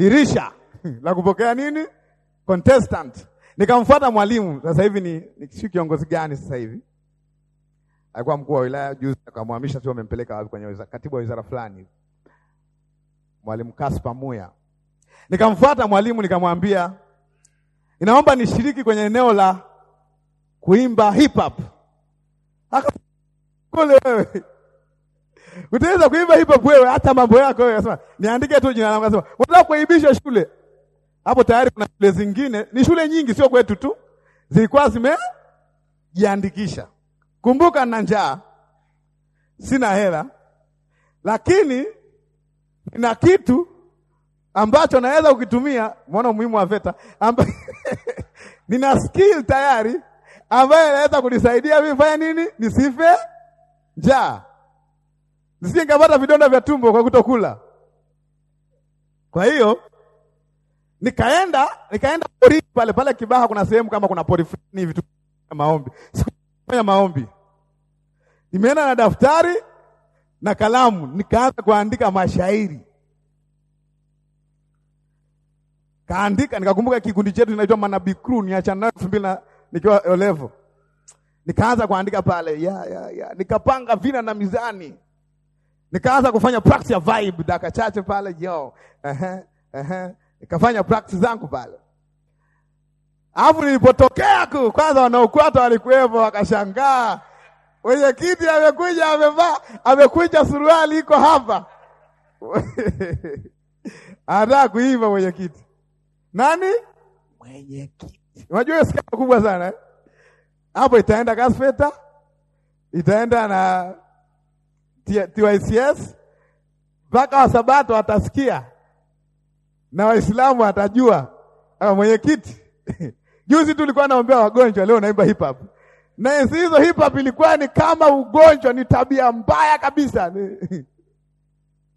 dirisha la kupokea nini contestant. Nikamfuata mwalimu, sasa hivi ni, ni si kiongozi gani sasa hivi, alikuwa mkuu wa wilaya juzi, akamhamisha sio, amempeleka wapi kwenye wizara, katibu wa wizara fulani, mwalimu Kaspa Muya. Nikamfuata mwalimu, nikamwambia inaomba nishiriki kwenye eneo la kuimba hip hop. Akakole wewe Utaweza kuimba hip hop wewe hata mambo yako wewe unasema niandike tu jina langu unasema unataka kuibisha shule. Hapo tayari kuna shule zingine, ni shule nyingi sio kwetu tu. Zilikuwa zimejiandikisha. Kumbuka na njaa. Sina hela. Lakini nina kitu ambacho naweza kukitumia, umeona muhimu wa VETA, Amba, nina skill tayari ambayo inaweza kunisaidia mimi fanya nini? Nisife njaa nisingepata vidonda vya tumbo kwa kutokula. Kwa hiyo nikaenda nikaenda porini pale pale Kibaha, kuna sehemu kama kuna pori fulani hivi tu maombi. Sikufanya maombi, nimeenda na daftari na kalamu, nikaanza kuandika mashairi, kaandika. Nikakumbuka kikundi chetu kinaitwa Manabii Crew, niachana nayo elfu mbili na nikiwa olevo, nikaanza kuandika pale ya, ya, ya. Nikapanga vina na mizani nikaanza kufanya practice ya vibe dakika chache pale yo. ehe ehe, nikafanya practice zangu pale, alafu nilipotokea ku kwanza, wanaokwata walikuwepo wakashangaa, mwenyekiti amekuja, amevaa amekuja, suruali iko hapa anataka kuiva mwenyekiti. Nani mwenyekiti? Unajua skala kubwa sana eh? hapo Itaenda Kasfeta, itaenda na TYCS mpaka wasabato watasikia na Waislamu watajua. Mwenyekiti, juzi tulikuwa naombea wagonjwa, leo naimba hip hop na enzi hizo hip hop ilikuwa ni kama ugonjwa, ni tabia mbaya kabisa.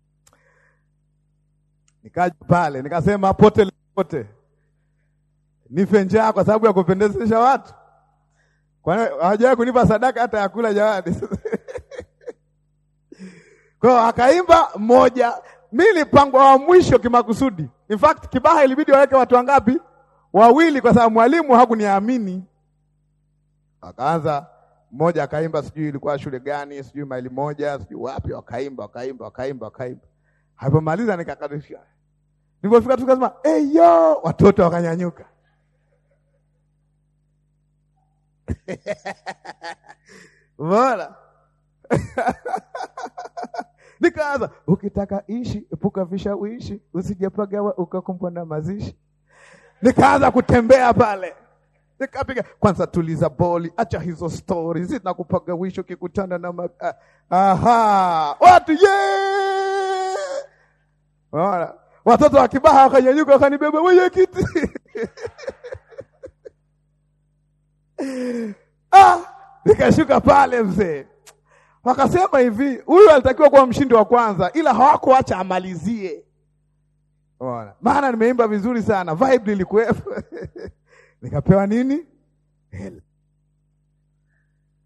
Nikaja pale nikasema, pote pote nife njaa kwa sababu ya kupendezesha watu, kwani hawajawahi kunipa sadaka hata ya kula jawadi Kwa hiyo akaimba mmoja, mimi nilipangwa wa mwisho kimakusudi. In fact, Kibaha ilibidi waweke watu wangapi? Wawili, kwa sababu mwalimu hakuniamini. Akaanza mmoja akaimba, sijui ilikuwa shule gani, sijui maili moja, sijui wapi, wakaimba wakaimba wakaimba wakaimba. Alipomaliza nikakadishia. Nilipofika tu kasema, "Hey eh, yo!" Watoto wakanyanyuka. Bora. Nikaanza, ukitaka ishi epuka vishawishi, usijapagawa ukakumbwa na mazishi. Nikaanza kutembea pale, nikapiga kwanza, tuliza boli, acha hizo stori wisho kikutana na ma... Ah, aha, watu ye yeah! watoto wa Kibaha wakanyanyuka wakanibeba mwenyekiti ah, nikashuka pale mzee Wakasema hivi, huyu alitakiwa kuwa mshindi wa kwanza, ila hawakuacha amalizie. Unaona, maana nimeimba vizuri sana, vibe nilikuwepo nikapewa nini hel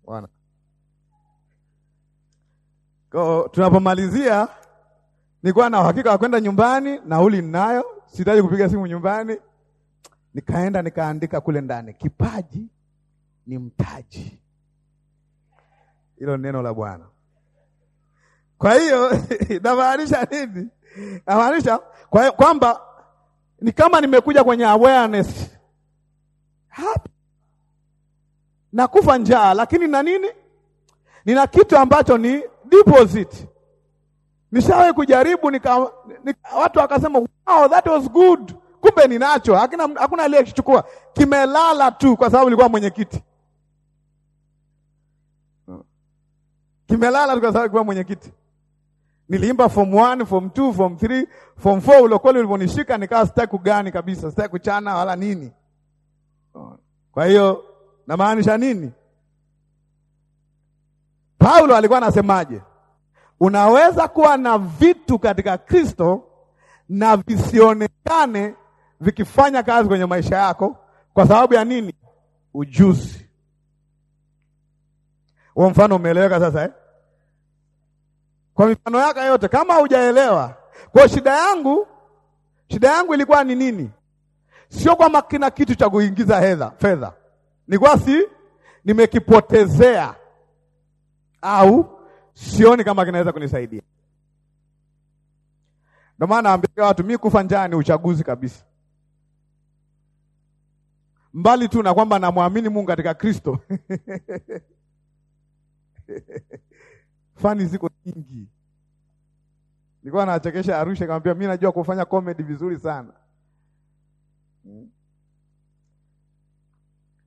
Unaona, kwa tunapomalizia nilikuwa na uhakika wa kwenda nyumbani, nauli ninayo, sihitaji kupiga simu nyumbani. Nikaenda nikaandika kule ndani, kipaji ni mtaji hilo neno la Bwana. Kwa hiyo inamaanisha nini? Inamaanisha kwa kwamba ni kama nimekuja kwenye awareness hapa, nakufa njaa, lakini na nini, nina kitu ambacho ni deposit. Nishawahi kujaribu nika, nika, watu wakasema wow, that was good, kumbe ninacho, hakuna aliyekichukua, kimelala tu kwa sababu mwenye mwenyekiti Kimelala tu kwa sababu kwa mwenyekiti. Niliimba form 1, form 2, form 3, form 4 kweli uliponishika nikawa sitaki kugani kabisa, sitaki kuchana wala nini. Kwa hiyo namaanisha nini? Paulo alikuwa anasemaje? Unaweza kuwa na vitu katika Kristo na visionekane vikifanya kazi kwenye maisha yako kwa sababu ya nini? Ujuzi. Huo mfano umeeleweka sasa eh? kwa mifano yake yote, kama hujaelewa. Kwa shida yangu, shida yangu ilikuwa ni nini? Sio kwamba kina kitu cha kuingiza hedha fedha, nilikuwa si nimekipotezea au sioni kama kinaweza kunisaidia. Ndio maana naambia watu mimi kufa njaa ni uchaguzi kabisa, mbali tu na kwamba namwamini Mungu katika Kristo Fani ziko nyingi. Nilikuwa naachekesha Arusha, akamwambia mimi najua kufanya comedy vizuri sana. Hmm.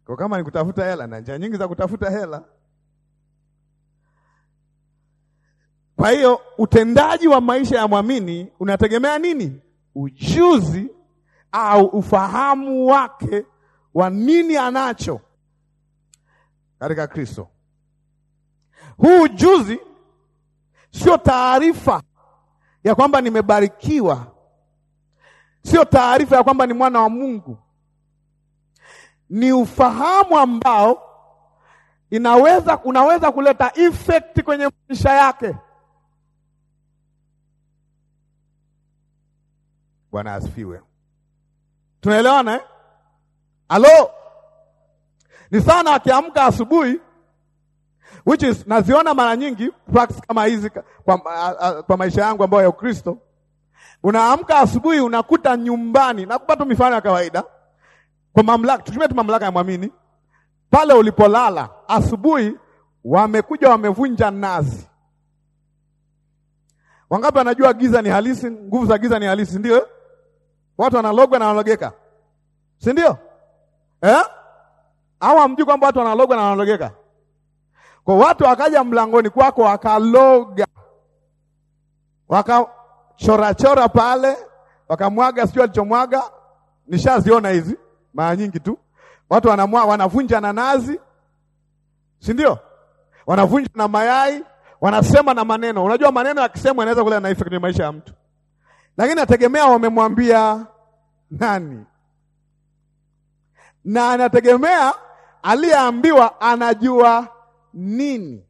Kwa kama ni kutafuta hela na njia nyingi za kutafuta hela. Kwa hiyo utendaji wa maisha ya mwamini unategemea nini? Ujuzi au ufahamu wake wa nini anacho katika Kristo. Huu ujuzi sio taarifa ya kwamba nimebarikiwa, sio taarifa ya kwamba ni mwana wa Mungu, ni ufahamu ambao inaweza unaweza kuleta effect kwenye maisha yake. Bwana asifiwe. Tunaelewana eh? Alo, ni sana akiamka asubuhi which is naziona mara nyingi practice kama hizi kwa, kwa kwa maisha yangu ambayo ya Ukristo. Unaamka asubuhi unakuta nyumbani, nakupa tu mifano ya kawaida kwa mamlaka, tutumie tu mamlaka ya mwamini. Pale ulipolala asubuhi, wamekuja wamevunja nazi. Wangapi wanajua giza ni halisi? Nguvu za giza ni halisi, ndio watu wanalogwa na wanalogeka, si ndio eh? Au hamjui kwamba watu wanalogwa na wanalogeka? Kwa watu wakaja mlangoni kwako wakaloga, wakachorachora pale, wakamwaga sio alichomwaga. Nishaziona hizi mara nyingi tu, watu wanamwa, wanavunja na nazi, si ndio? Wanavunja na mayai, wanasema na maneno. Unajua maneno yakisemwa yanaweza kuleta effect kwenye maisha ya mtu, lakini nategemea wamemwambia nani na anategemea aliyeambiwa anajua nini?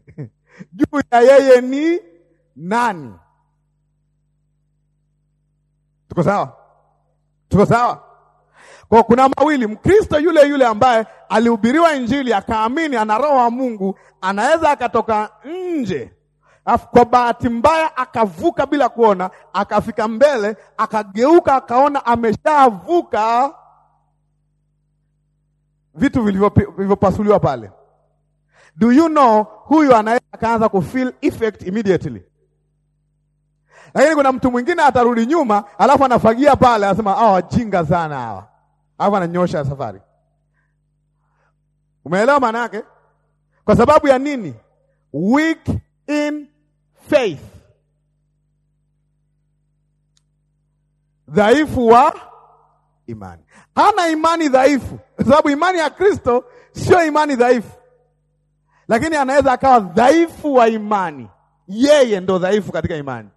juu ya yeye ni nani? Tuko sawa? Tuko sawa? Kwa kuna mawili, Mkristo yule yule ambaye alihubiriwa Injili akaamini, ana roho wa Mungu, anaweza akatoka nje Afu kwa bahati mbaya akavuka bila kuona, akafika mbele, akageuka, akaona ameshavuka vitu vilivyopasuliwa pale. Do you know, huyu anaweza akaanza ku feel effect immediately, lakini kuna mtu mwingine atarudi nyuma, alafu anafagia pale, anasema hawa wajinga sana hawa, alafu ananyosha safari. Umeelewa maana yake? Kwa sababu ya nini? Weak in faith, dhaifu wa imani. Hana imani dhaifu, kwa sababu imani ya Kristo sio imani dhaifu lakini anaweza akawa dhaifu wa imani. Yeye ndo dhaifu katika imani,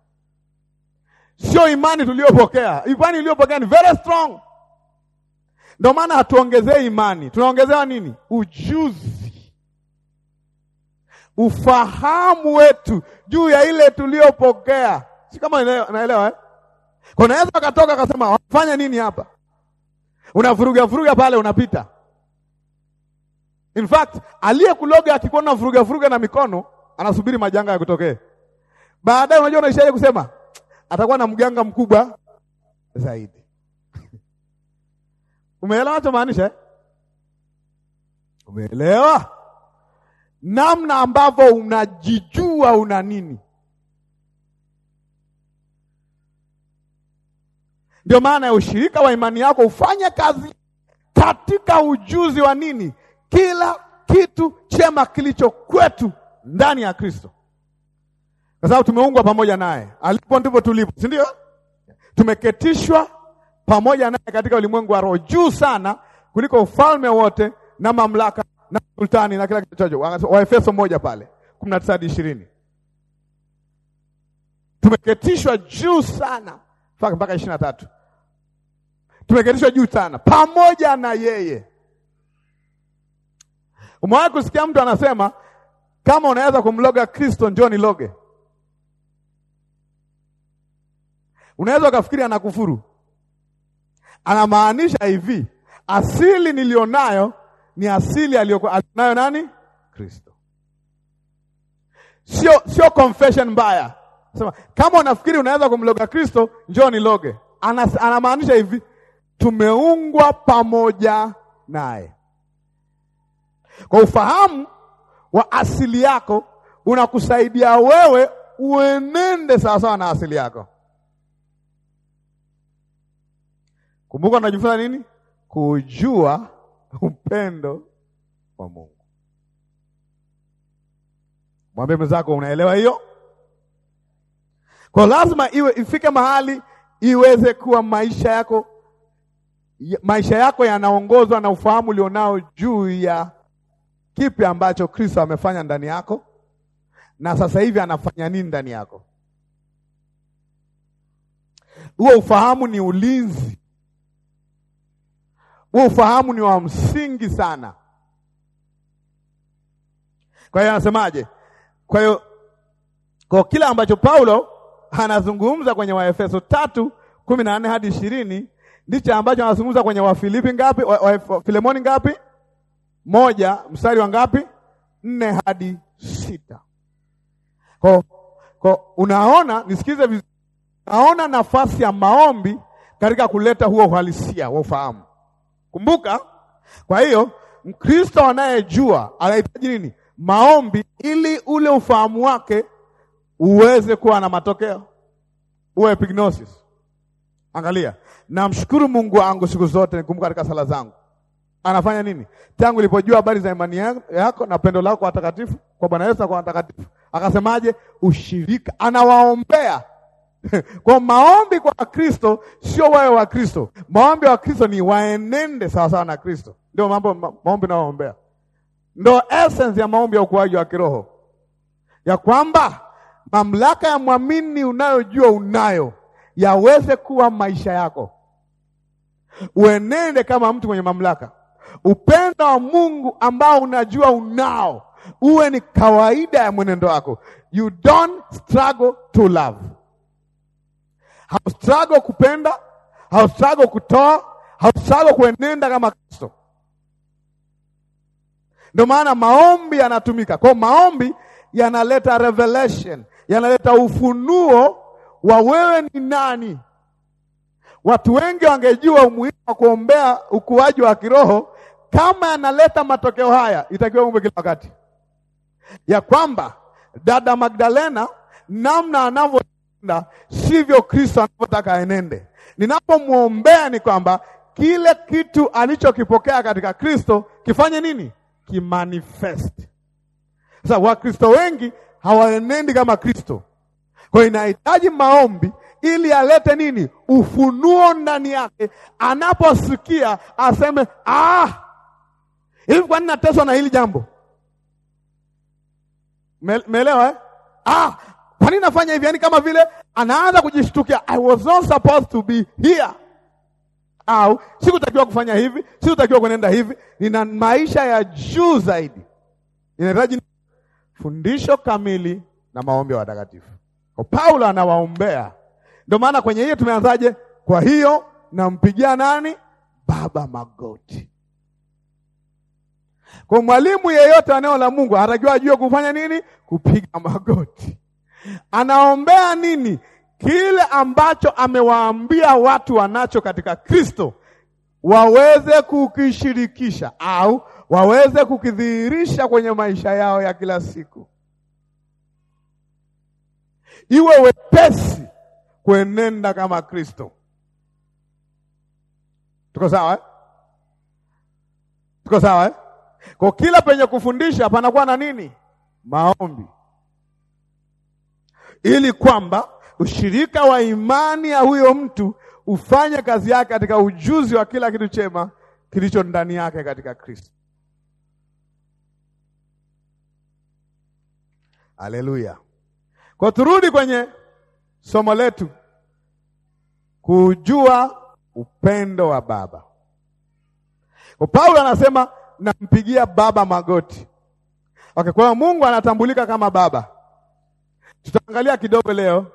sio imani tuliyopokea. Imani iliyopokea ni very strong, ndio maana hatuongezee imani, tunaongezewa nini? Ujuzi, ufahamu wetu juu ya ile tuliyopokea. Si kama naelewa eh? Kwa akatoka akasema, wafanya nini hapa? Unavuruga vuruga pale, unapita In fact, aliyekuloga akikuona vuruga vuruga na mikono anasubiri majanga ya kutokea. Baadaye unajua unaishaje kusema atakuwa na mganga mkubwa zaidi. Umeelewa nachomaanisha eh? Umeelewa namna ambavyo unajijua una nini? Ndio maana ya ushirika wa imani yako ufanye kazi katika ujuzi wa nini? kila kitu chema kilicho kwetu ndani ya Kristo, kwa sababu tumeungwa pamoja naye. Alipo ndipo tulipo, si ndio? Tumeketishwa pamoja naye katika ulimwengu wa roho, juu sana kuliko ufalme wote na mamlaka na sultani na kila kitu Waefeso moja pale kumi na tisa hadi ishirini tumeketishwa juu sana mpaka 23, na tatu tumeketishwa juu sana pamoja na yeye Umewahi kusikia mtu anasema kama unaweza kumloga Kristo njoo niloge? Unaweza ukafikiri anakufuru. Anamaanisha hivi, asili nilionayo ni asili aliyonayo nani? Kristo. Sio, sio confession mbaya. Sema kama unafikiri unaweza kumloga Kristo njoo niloge. Anamaanisha hivi, tumeungwa pamoja naye. Kwa ufahamu wa asili yako unakusaidia wewe uenende sawasawa na asili yako. Kumbuka unajifunza nini? Kujua upendo wa Mungu. Mwambie mwenzako, unaelewa hiyo? Kwa lazima iwe ifike mahali iweze kuwa maisha yako, maisha yako yanaongozwa na ufahamu ulionao juu ya kipi ambacho Kristo amefanya ndani yako na sasa hivi anafanya nini ndani yako. Huo ufahamu ni ulinzi, huo ufahamu ni wa msingi sana. Kwa hiyo anasemaje? Kwa hiyo kwa kila ambacho Paulo anazungumza kwenye Waefeso tatu kumi na nne hadi ishirini ndicho ambacho anazungumza kwenye Wafilipi ngapi? Wafilemoni ngapi? moja mstari wa ngapi? Nne hadi sita. Kwa, kwa unaona, nisikize vizuri, unaona nafasi ya maombi katika kuleta huo uhalisia wa ufahamu. Kumbuka, kwa hiyo Mkristo anayejua anahitaji nini? Maombi ili ule ufahamu wake uweze kuwa na matokeo, uwe epignosis. Angalia, namshukuru Mungu wangu siku zote, nikumbuka katika sala zangu anafanya nini? Tangu ilipojua habari za imani yako na pendo lako kwa watakatifu, kwa Bwana Yesu kwa watakatifu, akasemaje? Ushirika, anawaombea kwa maombi kwa Kristo, sio wawe wa Kristo. Maombi wa Kristo ni waenende sawasawa na Kristo, ndio mambo maombi nawaombea, ndio essence ya maombi ya ukuaji wa kiroho, ya kwamba mamlaka ya mwamini unayojua unayo yaweze kuwa maisha yako, uenende kama mtu mwenye mamlaka Upendo wa Mungu ambao unajua unao uwe ni kawaida ya mwenendo wako. You don't struggle to love. Haustruggle kupenda, haustruggle kutoa, haustruggle kuenenda kama Kristo. Ndio maana maombi yanatumika kwa maombi, yanaleta revelation, yanaleta ufunuo wa wewe ni nani. Watu wengi wangejua umuhimu wa kuombea ukuaji wa kiroho kama analeta matokeo haya, itakiwa umbe kila wakati ya kwamba dada Magdalena, namna anavyoenda sivyo Kristo anavyotaka enende Ninapomwombea ni kwamba kile kitu alichokipokea katika Kristo kifanye nini? Kimanifest. Sasa Wakristo wengi hawaenendi kama Kristo, kwa inahitaji maombi ili alete nini? Ufunuo ndani yake, anaposikia aseme ah Hivi kwa nini nateswa na hili jambo? Meelewa eh? Ah, kwa nini nafanya hivi? Yaani kama vile anaanza kujishtukia, I was not supposed to be here, au sikutakiwa kufanya hivi, sikutakiwa kunenda hivi. Nina maisha ya juu zaidi, inahitaji fundisho kamili na maombi ya watakatifu. Paulo anawaombea, ndio maana kwenye hiyo tumeanzaje? Kwa hiyo nampigia nani? Baba magoti. Kwa mwalimu yeyote anao la Mungu anatakiwa ajue kufanya nini? Kupiga magoti. Anaombea nini? Kile ambacho amewaambia watu wanacho katika Kristo waweze kukishirikisha au waweze kukidhihirisha kwenye maisha yao ya kila siku, iwe wepesi kuenenda kama Kristo. Tuko sawa eh? Tuko sawa eh? Kwa kila penye kufundisha panakuwa na nini? Maombi, ili kwamba ushirika wa imani ya huyo mtu ufanye kazi yake katika ujuzi wa kila kitu chema kilicho ndani yake katika Kristo. Haleluya! Kwa turudi kwenye somo letu, kujua upendo wa Baba. Kwa Paulo anasema nampigia baba magoti. Okay, kwa hiyo Mungu anatambulika kama baba. Tutaangalia kidogo leo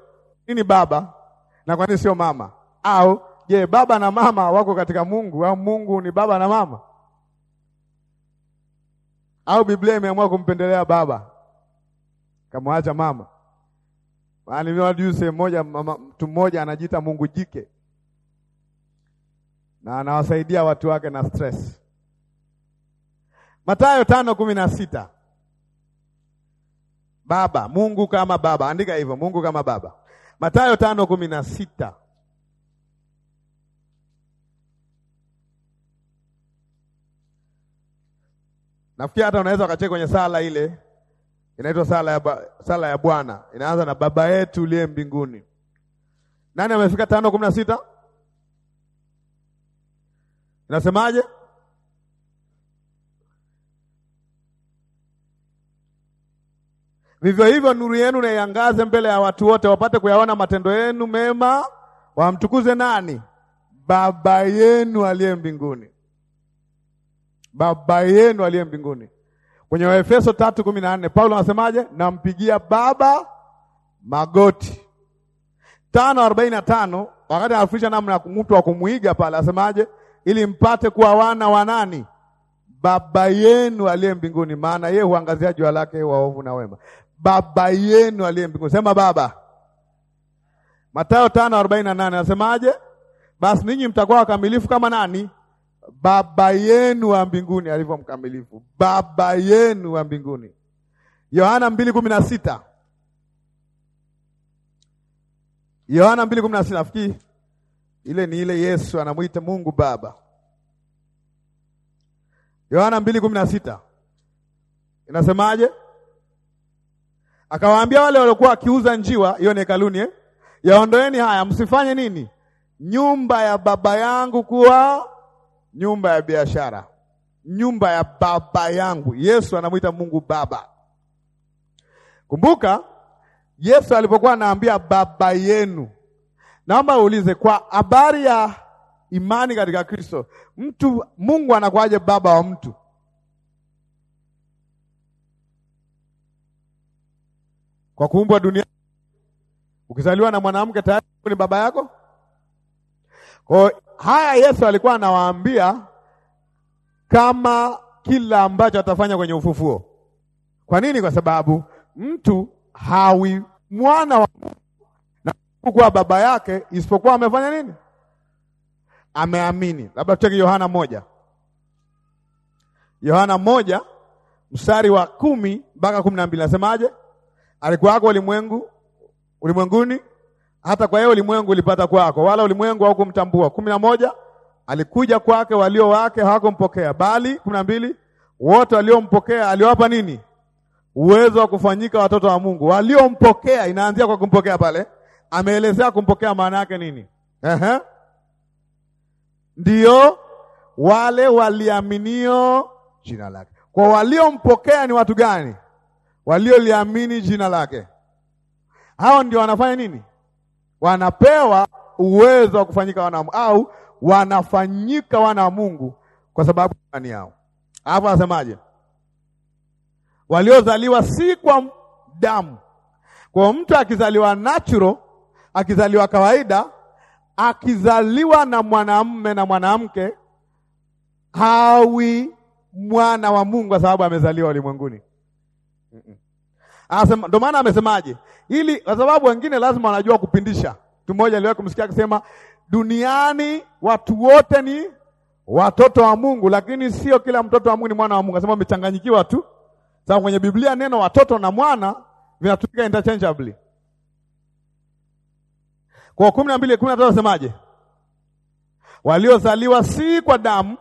nini baba na kwa nini sio mama, au je, baba na mama wako katika Mungu au Mungu ni baba na mama, au Biblia imeamua kumpendelea baba kamwacha mama? Maana juu sehemu moja mtu mmoja anajiita Mungu jike na anawasaidia watu wake na stress Mathayo tano kumi na sita. Baba Mungu kama baba, andika hivyo, Mungu kama baba. Mathayo tano kumi na sita. Nafikiri hata unaweza ukacheki kwenye sala ile inaitwa sala ya sala ya Bwana inaanza na baba yetu uliye mbinguni. Nani amefika tano kumi na sita? Inasemaje? Vivyo hivyo nuru yenu na iangaze mbele ya watu wote, wapate kuyaona matendo yenu mema, wamtukuze nani? Baba yenu aliye mbinguni. Baba yenu aliye mbinguni. Kwenye Waefeso tatu kumi na nne Paulo anasemaje? Nampigia Baba magoti. tano arobaini na tano wakati anafundisha namna ya mtu wa kumwiga pale, asemaje? Ili mpate kuwa wana wa nani? Baba yenu aliye mbinguni, maana yeye huangazia jua lake waovu na wema. Baba yenu aliye mbinguni. Sema Baba. Mathayo 5:48 anasemaje? Basi ninyi mtakuwa wakamilifu kama nani? Baba yenu wa mbinguni alivyo mkamilifu. Baba yenu wa mbinguni. Yohana 2:16. na Yohana 2:16 kumi nafikiri ile ni ile Yesu anamwita Mungu Baba. Yohana 2:16. kumi na inasemaje? Akawaambia wale waliokuwa wakiuza njiwa, hiyo ni hekaluni eh? Yaondoeni haya, msifanye nini? Nyumba ya baba yangu kuwa nyumba ya biashara, nyumba ya baba yangu. Yesu anamwita Mungu baba. Kumbuka Yesu alipokuwa anaambia baba yenu, naomba uulize kwa habari ya imani katika Kristo, mtu Mungu anakuwaje baba wa mtu? kwa kuumbwa dunia. Ukizaliwa na mwanamke tayari ni baba yako. Kwa haya Yesu alikuwa anawaambia kama kila ambacho atafanya kwenye ufufuo. Kwa nini? Kwa sababu mtu hawi mwana wa Mungu na kuwa baba yake isipokuwa amefanya nini? Ameamini. Labda tuteke Yohana moja, Yohana moja mstari wa kumi mpaka kumi na mbili nasemaje? alikuwako ulimwengu ulimwenguni, hata kwa yeye ulimwengu ulipata kwako, wala ulimwengu haukumtambua. kumi na moja alikuja kwake, walio wake hawakumpokea, bali kumi na mbili wote waliompokea aliwapa nini? Uwezo wa kufanyika watoto wa Mungu. Waliompokea, inaanzia kwa kumpokea pale. Ameelezea kumpokea maana yake nini? Ehe, ndio wale waliaminio jina lake. Kwa waliompokea ni watu gani? walioliamini jina lake. Hao ndio wanafanya nini? Wanapewa uwezo wa kufanyika wana au wanafanyika wana wa Mungu kwa sababu imani yao. Hapo anasemaje? Waliozaliwa si kwa damu. Kwa mtu akizaliwa natural, akizaliwa kawaida, akizaliwa na mwanamume na mwanamke hawi mwana wa Mungu kwa sababu amezaliwa ulimwenguni mm -mm. Anasema ndio maana amesemaje, ili kwa sababu wengine lazima wanajua kupindisha. Mtu mmoja aliwahi kumsikia akisema, duniani watu wote ni watoto wa Mungu, lakini sio kila mtoto wa Mungu ni mwana wa Mungu. Anasema amechanganyikiwa tu, sababu kwenye Biblia neno watoto na mwana vinatumika interchangeably. Kwa kumi na mbili kumi na tatu asemaje? Waliozaliwa si kwa damu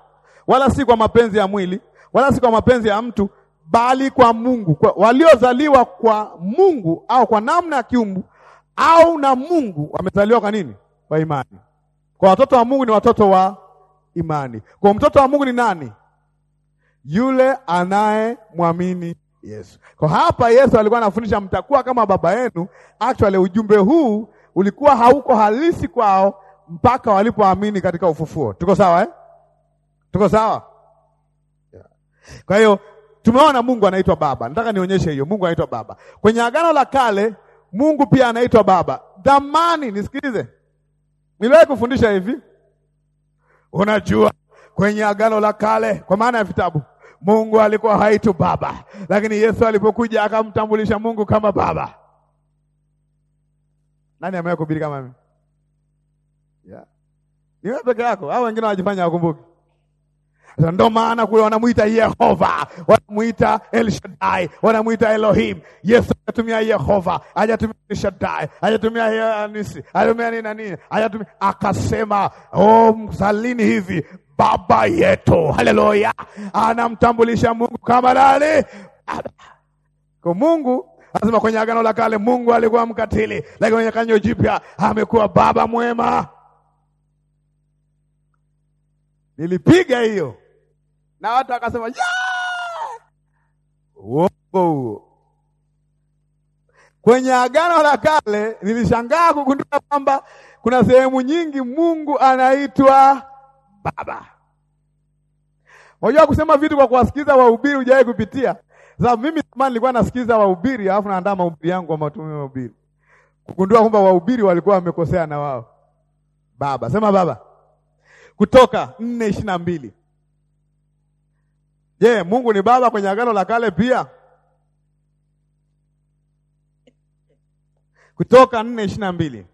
wala si kwa mapenzi ya mwili wala si kwa mapenzi ya mtu bali kwa Mungu, kwa waliozaliwa kwa Mungu au kwa namna ya kiumbu au na Mungu wamezaliwa kwa nini? Kwa imani. Kwa watoto wa Mungu ni watoto wa imani. Kwa mtoto wa Mungu ni nani? Yule anayemwamini Yesu. Kwa hapa Yesu alikuwa anafundisha mtakuwa kama baba yenu. Actually ujumbe huu ulikuwa hauko halisi kwao mpaka walipoamini katika ufufuo. Tuko sawa eh? Tuko sawa? Kwa hiyo Tumeona Mungu anaitwa Baba. Nataka nionyeshe hiyo, Mungu anaitwa Baba kwenye Agano la Kale. Mungu pia anaitwa Baba. Dhamani, nisikilize, niliwahi kufundisha hivi, unajua kwenye Agano la Kale kwa maana ya vitabu Mungu alikuwa haitu Baba, lakini Yesu alipokuja akamtambulisha Mungu kama Baba. Nani amewahi kuhubiri kama mimi? Yeah. Niwe peke yako au wengine wanajifanya wakumbuke? Ndo maana kule wanamuita Yehova, wanamuita El Shaddai, wanamuita Elohim. Yesu ajatumia Yehova, hajatumia El Shaddai, hajatumia Anisi, eh, hajatumia nini na nini, hajatumia akasema, oh, msalini hivi baba yetu. Haleluya, anamtambulisha Mungu kama nani? Kwa Mungu lazima, kwenye Agano la Kale Mungu alikuwa mkatili, lakini kwenye kanyo Jipya amekuwa baba mwema. Nilipiga hiyo na watu wakasema uongo huo. Kwenye Agano la Kale nilishangaa kugundua kwamba kuna sehemu nyingi Mungu anaitwa Baba. Unajua kusema vitu kwa kuwasikiza wahubiri hujawahi kupitia. Sasa mimi zamani nilikuwa nasikiza wahubiri alafu naandaa mahubiri yangu kwa ya wahubiri. Kugundua kwamba wahubiri walikuwa wamekosea na wao. Baba, sema baba. Kutoka 4:22. Je, Mungu ni baba kwenye agano la kale pia? Kutoka nne ishirini na mbili.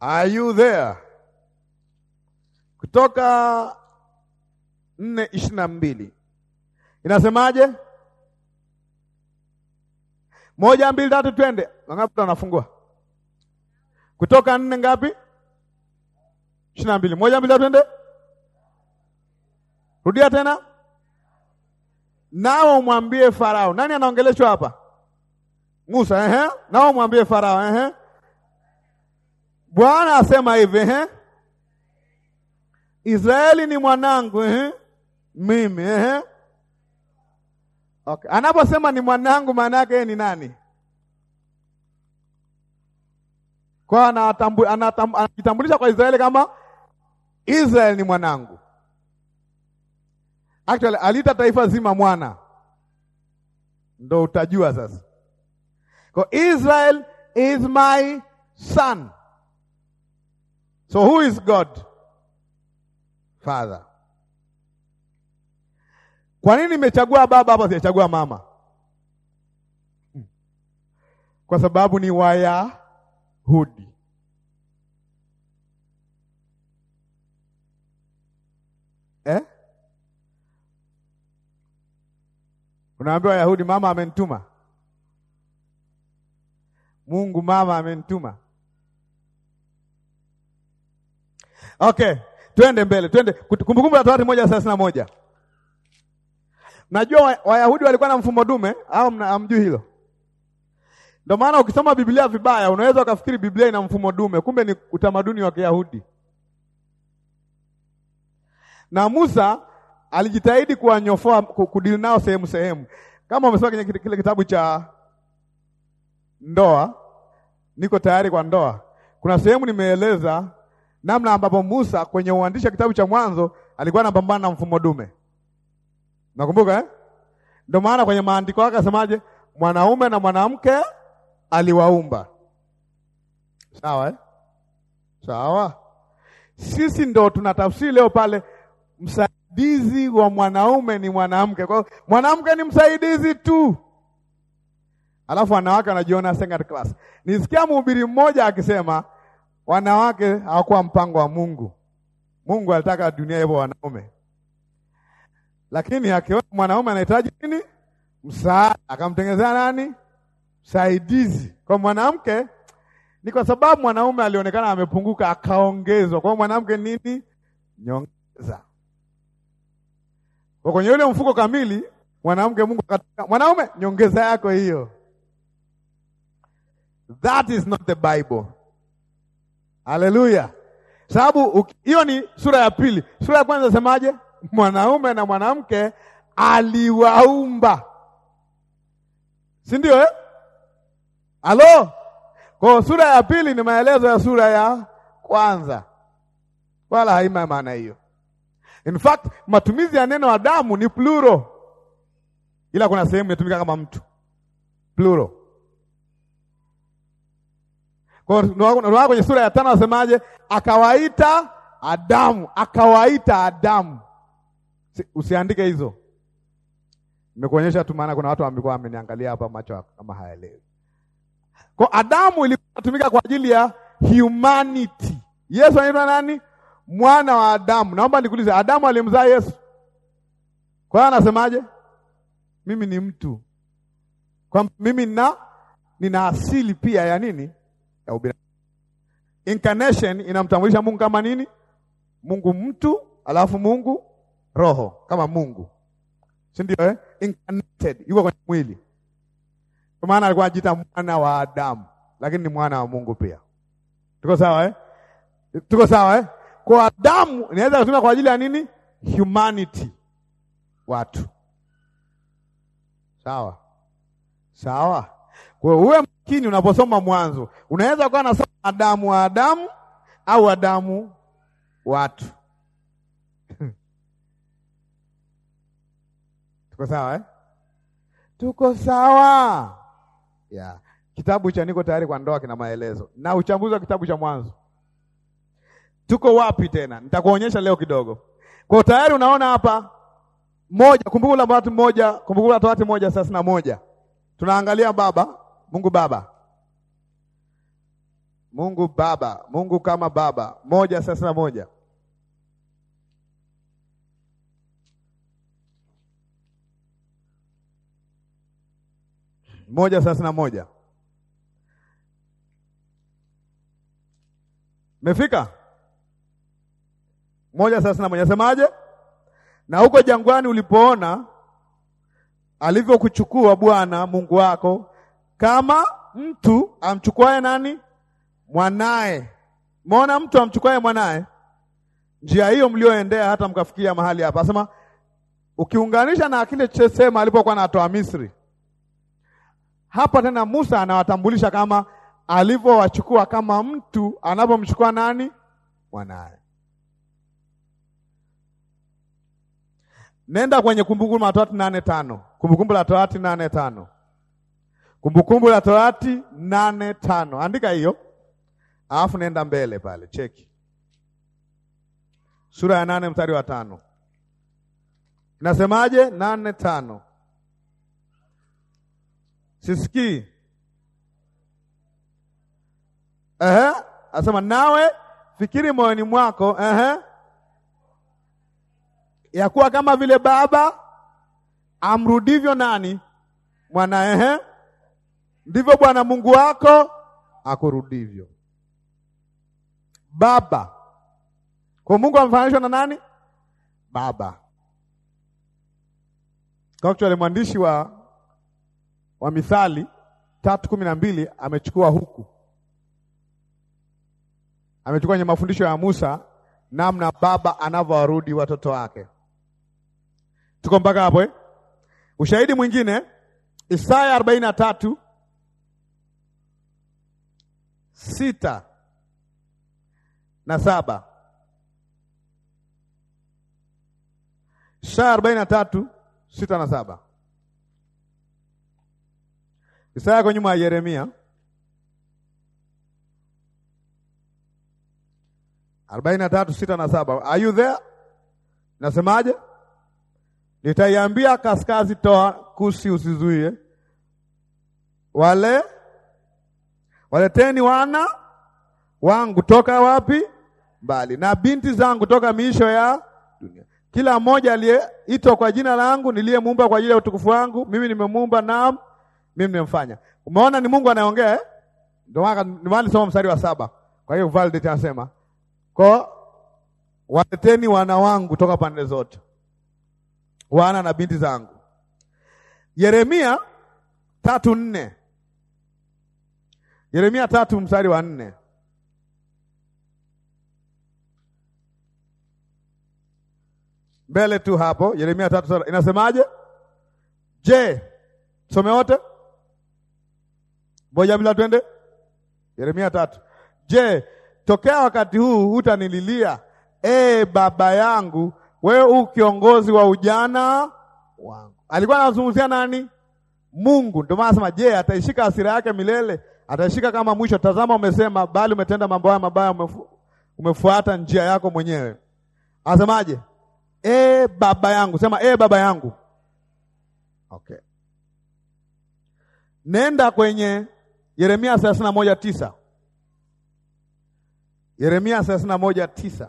Are you there? Kutoka nne ishirini na mbili inasemaje? Moja, mbili, tatu, twende. Wangapi wanafungua? Kutoka nne ngapi? ishirini na mbili. Moja, mbili, tatu, twende Rudia tena, nao mwambie Farao. Nani anaongeleshwa hapa? Musa. Ehe, nao mwambie Farao, ehe, Bwana asema hivi, ehe, Israeli ni mwanangu, ehe, mimi, ehe. Okay. Anaposema ni mwanangu, maana yake ni nani? Kwa anajitambulisha kwa Israeli kama Israeli ni mwanangu. Actually alita taifa zima mwana, ndo utajua sasa. Kwa Israel is my son, so who is God Father? Kwa nini nimechagua baba hapa, sijachagua mama? Kwa sababu ni Wayahudi. Eh? Unaambiwa Wayahudi, mama amenituma Mungu, mama amenituma. Okay, twende mbele, twende Kumbukumbu la Torati moja thelathini na moja. Najua Wayahudi walikuwa na mfumo dume au hamjui hilo? Ndio maana ukisoma Biblia vibaya unaweza ukafikiri Biblia ina mfumo dume, kumbe ni utamaduni wa Kiyahudi. Na Musa alijitahidi kuwanyofoa, kudili nao sehemu sehemu. Kama umesoma kwenye kile kitabu cha ndoa, niko tayari kwa ndoa, kuna sehemu nimeeleza namna ambapo Musa kwenye uandishi wa kitabu cha Mwanzo alikuwa anapambana na mfumo dume, nakumbuka eh? Ndio maana kwenye maandiko yake asemaje, mwanaume na mwanamke aliwaumba. Sawa eh? Sawa, sisi ndo tunatafsiri leo pale msa msaidizi wa mwanaume ni mwanamke. Kwa hiyo mwanamke ni msaidizi tu, alafu wanawake wanajiona second class. Nisikia mhubiri mmoja akisema wanawake hawakuwa mpango wa Mungu. Mungu alitaka dunia iwe wanaume, lakini akiona mwanaume anahitaji nini, msaada, akamtengenezea nani, msaidizi. Kwa mwanamke ni kwa sababu mwanaume alionekana amepunguka, akaongezwa. Kwa hiyo mwanamke nini, nyongeza kwa kwenye ule mfuko kamili mwanamke Mungu akataka mwanaume nyongeza yako hiyo. That is not the Bible. Haleluya. Sababu hiyo ni sura ya pili. Sura ya kwanza semaje? Mwanaume na mwanamke aliwaumba, si ndio eh? Alo, kwa sura ya pili ni maelezo ya sura ya kwanza, wala haima maana hiyo. In fact matumizi ya neno Adamu ni plural, ila kuna sehemu inatumika kama mtu plural. Kwa kwenye sura ya tano wasemaje? Akawaita Adamu, akawaita Adamu. Usiandike hizo, nimekuonyesha tu, maana kuna watu ambao wameniangalia hapa macho kama hayaelewi. Kwa Adamu ilikuwa inatumika kwa ajili ya humanity. Yesu anaitwa nani? mwana wa Adamu. Naomba nikuulize, Adamu alimzaa Yesu? Kwa hiyo anasemaje? Mimi ni mtu, kwamba mimi na nina asili pia ya nini, ya ubinadamu. Incarnation inamtambulisha Mungu kama nini? Mungu mtu, alafu Mungu roho, kama Mungu, si ndio eh? Incarnated, yuko kwenye mwili, kwa maana alikuwa anajiita mwana wa Adamu, lakini ni mwana wa Mungu pia. Tuko sawa eh? Tuko sawa eh? Kwa damu inaweza kutumia kwa ajili ya nini? Humanity, watu sawa sawa. Kwa hiyo uwe makini unaposoma Mwanzo, unaweza kuwa nasoma Adamu wa Adamu au Adamu watu tuko sawa eh? Tuko sawa yeah. Kitabu cha Niko Tayari kwa Ndoa kina maelezo na uchambuzi wa kitabu cha Mwanzo Tuko wapi tena? Nitakuonyesha leo kidogo. Kwa tayari unaona hapa moja, Kumbukumbu la Torati moja, Kumbukumbu la Torati moja thelathini na moja. Tunaangalia Baba, Mungu Baba, Mungu Baba, Mungu kama Baba, moja thelathini na moja. moja thelathini na moja. Mefika? moja thelathini na moja nasemaje? Na huko jangwani ulipoona alivyokuchukua Bwana Mungu wako kama mtu amchukuae nani? Mwanae. Mwona mtu amchukuae mwanae, njia hiyo mlioendea hata mkafikia mahali hapa. Asema ukiunganisha na kile chesema alipokuwa natoa Misri, hapa tena Musa anawatambulisha kama alivyowachukua kama mtu anapomchukua nani? Mwanae. Nenda kwenye Kumbukumbu la Torati nane tano. Kumbukumbu la Torati nane tano. Kumbukumbu la Torati nane tano. Andika hiyo, alafu nenda mbele pale, cheki sura ya nane mstari wa tano inasemaje? nane tano. Sisikii. Ehe, asema nawe fikiri moyoni mwako ehe ya kuwa kama vile baba amrudivyo nani mwana, ehe, ndivyo Bwana Mungu wako akurudivyo. Baba kwa Mungu amfananishwa na nani? Baba. Actually mwandishi wa, wa Mithali tatu kumi na mbili amechukua huku, amechukua kwenye mafundisho ya Musa namna baba anavyowarudi watoto wake. Tuko mpaka hapo eh? Ushahidi mwingine Isaya arobaini na tatu sita na saba Isaya arobaini na tatu sita na saba Isaya kwa nyuma ya Yeremia arobaini na tatu sita na saba Are you there? Nasemaje? Nitaiambia kaskazi toa, kusi usizuie. Wale waleteni wana wangu toka wapi? Mbali na binti zangu toka miisho ya dunia. Kila mmoja aliyeitwa kwa jina langu niliyemuumba kwa ajili ya utukufu wangu, mimi nimemuumba, na mimi nimemfanya. Umeona ni Mungu anayeongea eh? Ndio maana nimesoma mstari wa saba. Kwa hiyo Valde anasema, kwa waleteni wana wangu toka pande zote wana na binti zangu. Yeremia tatu nne Yeremia tatu mstari wa nne mbele tu hapo, Yeremia tatu inasemaje? Je, some wote moja bila twende Yeremia tatu. Je, tokea wakati huu hutanililia, e Baba yangu wewe u kiongozi wa ujana wangu. Alikuwa anazungumzia nani? Mungu. Ndio maana anasema, je, ataishika hasira yake milele? Ataishika kama mwisho? Tazama, umesema bali umetenda mambo haya mabaya, umefu, umefuata njia yako mwenyewe. Anasemaje? E baba yangu, sema e baba yangu. Okay, nenda kwenye Yeremia 31:9. tisa Yeremia 31:9.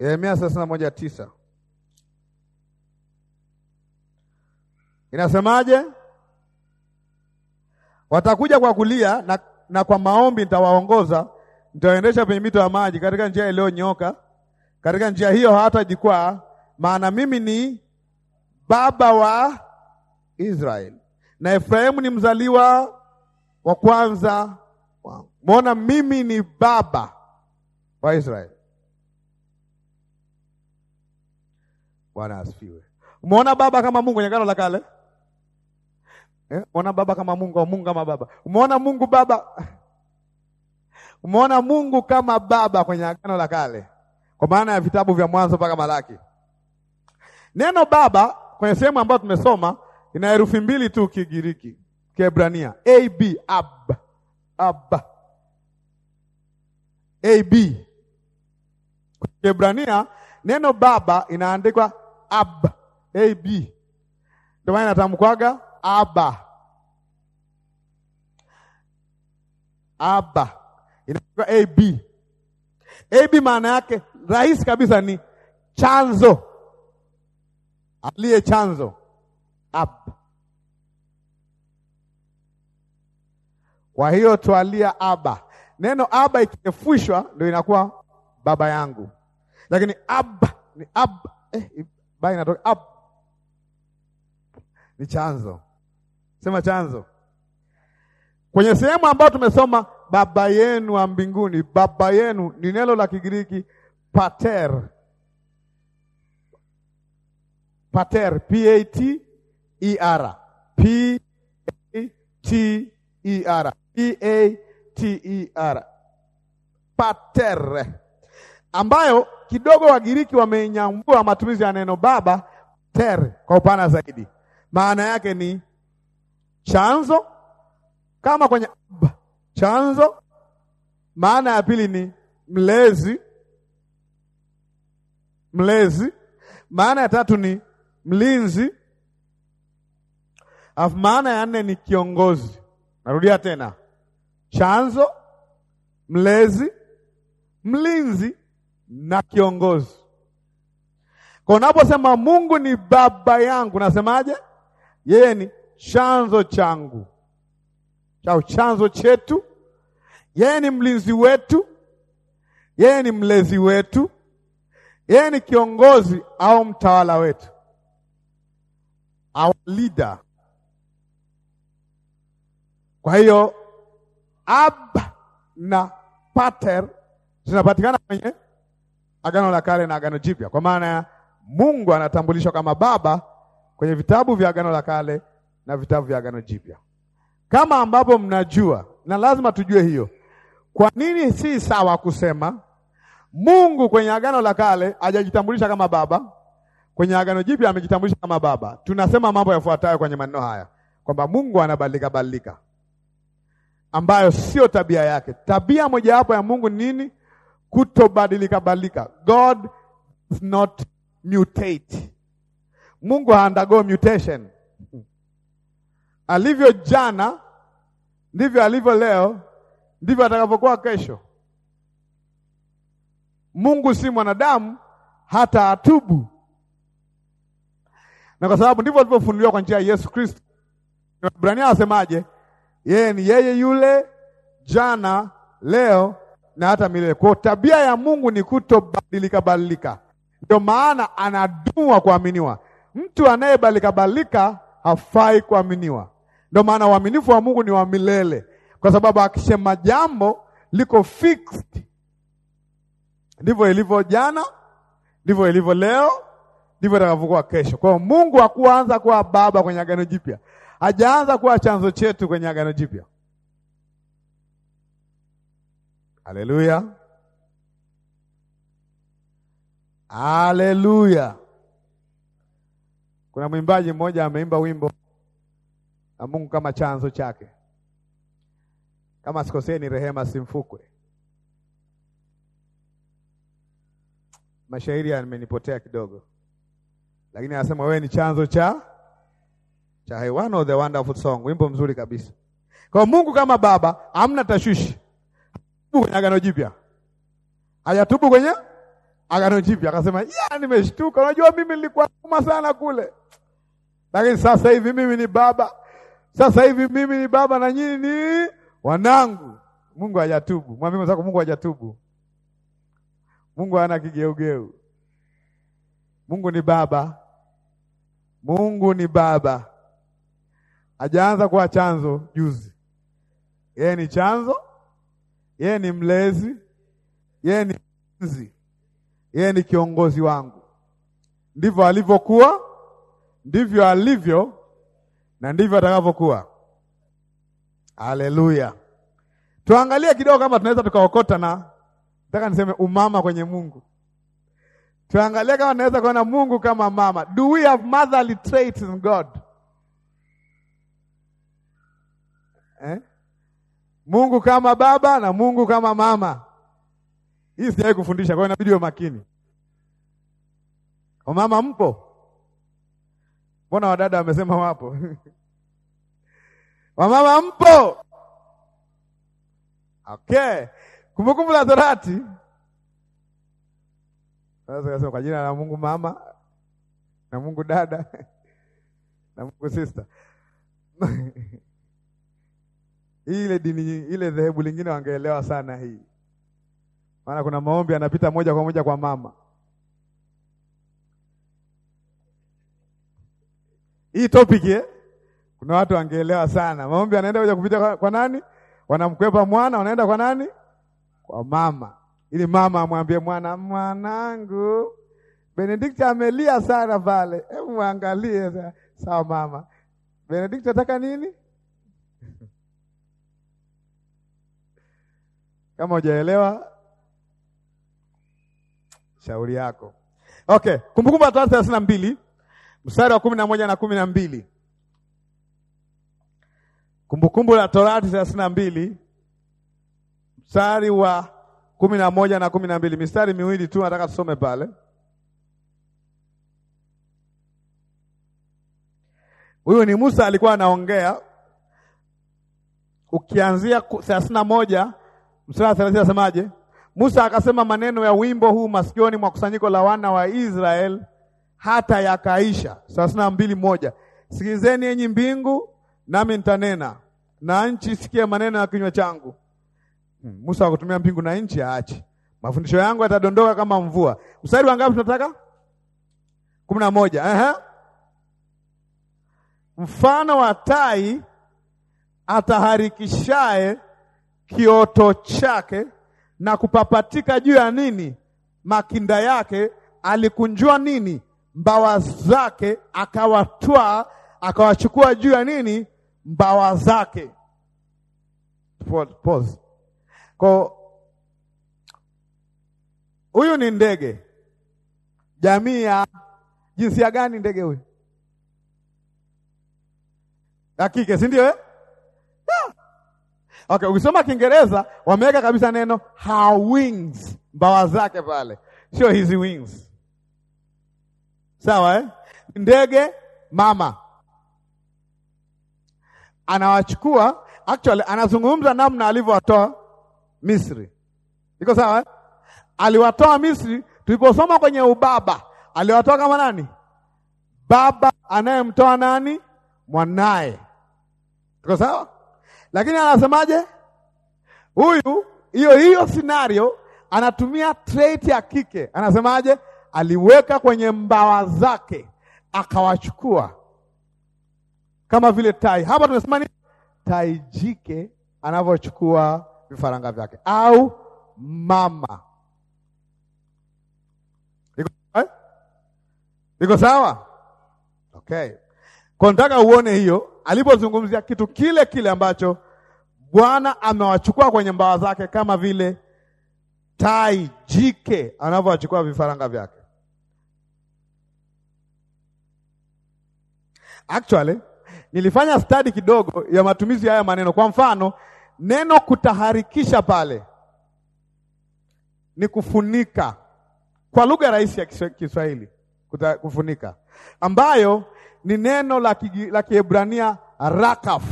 Yeremia thelathini na moja tisa inasemaje? Watakuja kwa kulia na, na kwa maombi nitawaongoza, nitawaendesha penye mito ya maji, katika njia iliyonyoka katika njia hiyo hawatajikwaa, maana mimi ni baba wa Israeli na Efraimu ni mzaliwa wa kwanza wangu. Mbona mimi ni baba wa Israeli? Bwana asifiwe. Umeona baba kama Mungu kwenye Agano la Kale? Eh, umeona baba kama Mungu au Mungu kama baba? Umeona Mungu baba? Umeona Mungu kama baba kwenye Agano la Kale, kwa maana ya vitabu vya Mwanzo mpaka Malaki. Neno baba kwenye sehemu ambayo tumesoma ina herufi mbili tu, Kigiriki, Kiebrania, ab ab ab ab. Kiebrania neno baba inaandikwa ab ab, ndio maana natamkwaga aba aba, inaitwa ab. Ab maana yake rahisi kabisa ni chanzo, aliye chanzo ab. Kwa hiyo twalia aba, neno aba ikirefushwa ndio inakuwa baba yangu, lakini ab ni ab eh, Bai inatoka up. Ni chanzo. Sema chanzo. Kwenye sehemu ambayo tumesoma baba yenu wa mbinguni, baba yenu ni neno la Kigiriki pater. Pater, P A T E R. P A T E R. P A T E R. Pater ambayo kidogo Wagiriki wameinyambua matumizi ya neno baba ter kwa upana zaidi. Maana yake ni chanzo, kama kwenye chanzo. Maana ya pili ni mlezi, mlezi. Maana ya tatu ni mlinzi, alafu maana ya nne ni kiongozi. Narudia tena, chanzo, mlezi, mlinzi na kiongozi. Kwa unaposema Mungu ni baba yangu, nasemaje? Yeye ni chanzo changu chao, chanzo chetu. Yeye ni mlinzi wetu, yeye ni mlezi wetu, yeye ni kiongozi au mtawala wetu, our leader. Kwa hiyo ab na pater zinapatikana kwenye Agano la Kale na Agano Jipya, kwa maana ya Mungu anatambulishwa kama Baba kwenye vitabu vya Agano la Kale na vitabu vya Agano Jipya, kama ambapo mnajua na lazima tujue hiyo. Kwa nini si sawa kusema Mungu kwenye Agano la Kale hajajitambulisha kama Baba, kwenye Agano Jipya amejitambulisha kama Baba? Tunasema mambo yafuatayo kwenye maneno haya kwamba Mungu anabadilika badilika, ambayo sio tabia yake. Tabia mojawapo ya Mungu nini? kutobadilika badilika. God does not mutate. Mungu haandago mutation. Alivyo jana ndivyo alivyo leo, ndivyo atakapokuwa kesho. Mungu si mwanadamu hata atubu, na kwa sababu ndivyo alivyofunuliwa kwa njia ya Yesu Kristo. Ibrania asemaje? Yeye ni yeye yule jana, leo na hata milele. Kwa tabia ya Mungu ni kutobadilika badilika, ndio maana anadua kuaminiwa. Mtu anayebadilika badilika hafai kuaminiwa. Ndio maana uaminifu wa Mungu ni wa milele, kwa sababu akisema jambo liko fixed. Ndivyo ilivyo jana, ndivyo ilivyo leo, ndivyo itakavyokuwa kesho. Kwa hiyo Mungu hakuanza kuwa baba kwenye agano jipya, hajaanza kuwa chanzo chetu kwenye agano jipya. Haleluya, haleluya. Kuna mwimbaji mmoja ameimba wimbo na Mungu kama chanzo chake, kama sikosee ni Rehema Simfukwe. Mashairi yamenipotea kidogo, lakini anasema wewe ni chanzo cha cha hai, one of the wonderful song, wimbo mzuri kabisa. Kwa Mungu kama baba, hamna tashwishi kwenye Agano Jipya, hayatubu kwenye Agano Jipya. Akasema ya, nimeshtuka. Unajua mimi nilikuwa kuma sana kule, lakini sasa hivi mimi ni baba, sasa hivi mimi ni baba na nyinyi ni wanangu. Mungu hajatubu. Mwambie mwenzako, Mungu hajatubu. Mungu hana kigeugeu. Mungu ni baba, Mungu ni baba, hajaanza kuwa chanzo juzi, yeye ni chanzo yeye ni mlezi, yeye ni mlinzi, yeye ni kiongozi wangu. Ndivyo alivyokuwa, ndivyo alivyo na ndivyo atakavyokuwa. Haleluya! Tuangalie kidogo kama tunaweza tukaokota, na nataka niseme umama kwenye Mungu. Tuangalie kama tunaweza kuona Mungu kama mama. Do we have motherly traits in God? Eh? Mungu kama baba na Mungu kama mama. Hii sijawahi kufundisha, kwa hiyo inabidi uwe makini. Wamama mpo? Mbona wadada wamesema wapo? Wamama mpo? Okay. Kumbukumbu la Torati. Sasa kasema kwa jina la Mungu mama na Mungu dada na Mungu sister ile dini ile dhehebu lingine wangeelewa sana hii, maana kuna maombi yanapita moja kwa moja kwa mama. Hii topic eh, kuna watu wangeelewa sana. Maombi yanaenda moja kupita kwa, kwa nani? Wanamkwepa mwana, wanaenda kwa nani? Kwa mama, ili mama amwambie mwana, mwanangu Benedict amelia sana pale, hebu mwangalie. Sawa mama, Benedict ataka nini? Kama hujaelewa shauri yako. Okay, Kumbukumbu la thelathini na mbili mstari wa kumi na moja na kumi na mbili Kumbukumbu la Torati thelathini na mbili mstari wa kumi na moja na kumi na mbili mistari miwili tu nataka tusome pale. Huyu ni Musa alikuwa anaongea, ukianzia thelathini na moja mstari wa 30 asemaje? Musa akasema maneno ya wimbo huu masikioni mwa kusanyiko la wana wa Israel hata yakaisha. thelathini na mbili moja sikilizeni enyi mbingu, nami nitanena na nchi sikia maneno ya kinywa changu. Hmm. Musa akutumia mbingu na nchi aache, mafundisho yangu yatadondoka kama mvua. Mstari wa ngapi tunataka? kumi na moja. Aha. Mfano wa tai ataharikishae kioto chake na kupapatika juu ya nini? Makinda yake. Alikunjua nini? Mbawa zake, akawatwaa akawachukua juu ya nini? Mbawa zake. Pause. Kwa huyu ni ndege jamii ya jinsia gani? Ndege huyu ya kike, si ndio eh? Okay, ukisoma Kiingereza wameweka kabisa neno her wings, mbawa zake pale, sio his wings. Sawa eh? Ndege mama anawachukua, actually anazungumza namna alivyowatoa Misri. Iko sawa eh? Aliwatoa Misri, tuliposoma kwenye ubaba, aliwatoa kama nani? Baba anayemtoa nani? Mwanaye. iko sawa? Lakini anasemaje huyu? Hiyo hiyo scenario anatumia trait ya kike, anasemaje? Aliweka kwenye mbawa zake akawachukua kama vile tai. Hapa tunasema ni tai jike anavyochukua vifaranga vyake, au mama. Iko eh? Iko sawa? Okay, kwa nataka uone hiyo alipozungumzia kitu kile kile ambacho Bwana amewachukua kwenye mbawa zake, kama vile tai jike anavyowachukua vifaranga vyake. Actually, nilifanya study kidogo ya matumizi haya maneno. Kwa mfano, neno kutaharikisha pale ni kufunika, kwa lugha rahisi ya Kiswahili kufunika, ambayo ni neno la Kiebrania rakaf.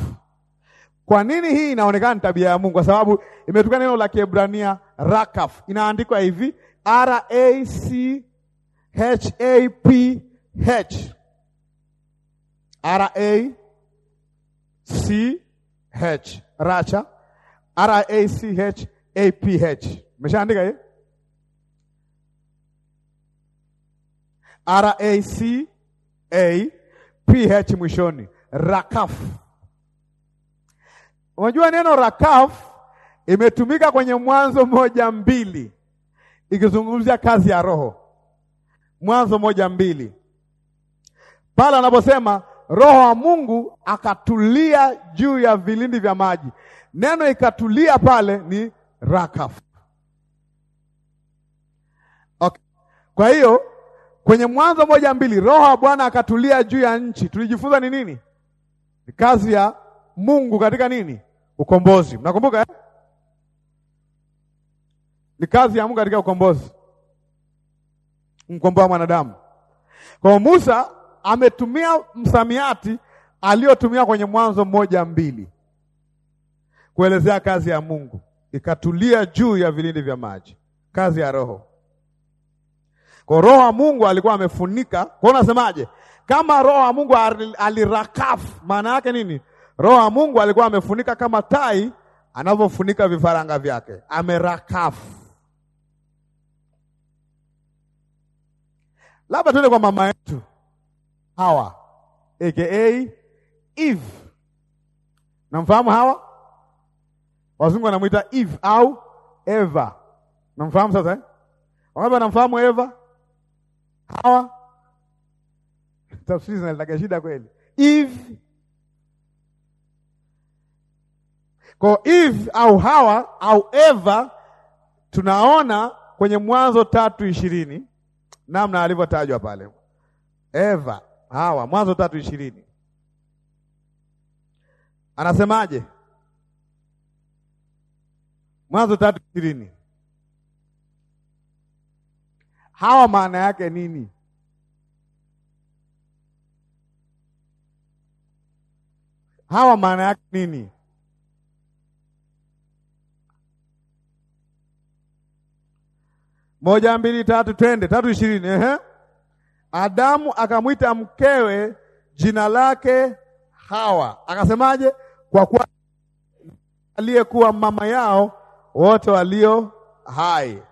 Kwa nini hii inaonekana ni tabia ya Mungu? Kwa sababu imetuka neno la Kiebrania rakaf, inaandikwa hivi R A C H A P H R A C H racha R A C H A P H. Umeshaandika hiyo R A C A ph mwishoni, rakafu. Unajua neno rakafu imetumika kwenye Mwanzo moja mbili ikizungumzia kazi ya Roho. Mwanzo moja mbili pale anaposema Roho wa Mungu akatulia juu ya vilindi vya maji, neno ikatulia pale ni rakaf Okay. Kwa hiyo Kwenye Mwanzo moja mbili, roho wa Bwana akatulia juu ya nchi. Tulijifunza ni nini? Ni kazi ya Mungu katika nini? Ukombozi. Mnakumbuka eh? Ni kazi ya Mungu katika ukombozi, mkomboa mwanadamu. Kwa Musa ametumia msamiati aliyotumia kwenye Mwanzo moja mbili kuelezea kazi ya Mungu, ikatulia juu ya vilindi vya maji, kazi ya Roho. Kwa roho wa Mungu alikuwa amefunika. Kwa unasemaje? Kama roho wa Mungu alirakafu, maana yake nini? Roho wa Mungu alikuwa amefunika kama tai anavyofunika vifaranga vyake, amerakafu. Labda tuende kwa mama yetu Hawa aka Eve. Namfahamu Hawa? Wazungu wanamwita Eve au Eva. Namfahamu sasa eh? Wangapi wanamfahamu Eva? hawa tafsiri zinaletaga shida kweli. If kwa if au hawa au ever, tunaona kwenye Mwanzo tatu ishirini namna alivyotajwa pale Eva hawa, Mwanzo tatu ishirini anasemaje? Mwanzo tatu ishirini hawa maana yake nini? Hawa maana yake nini? Moja, mbili, tatu, twende. Tatu ishirini. Ehe, Adamu akamwita mkewe jina lake Hawa, akasemaje? Kwa kuwa aliyekuwa mama yao wote walio hai.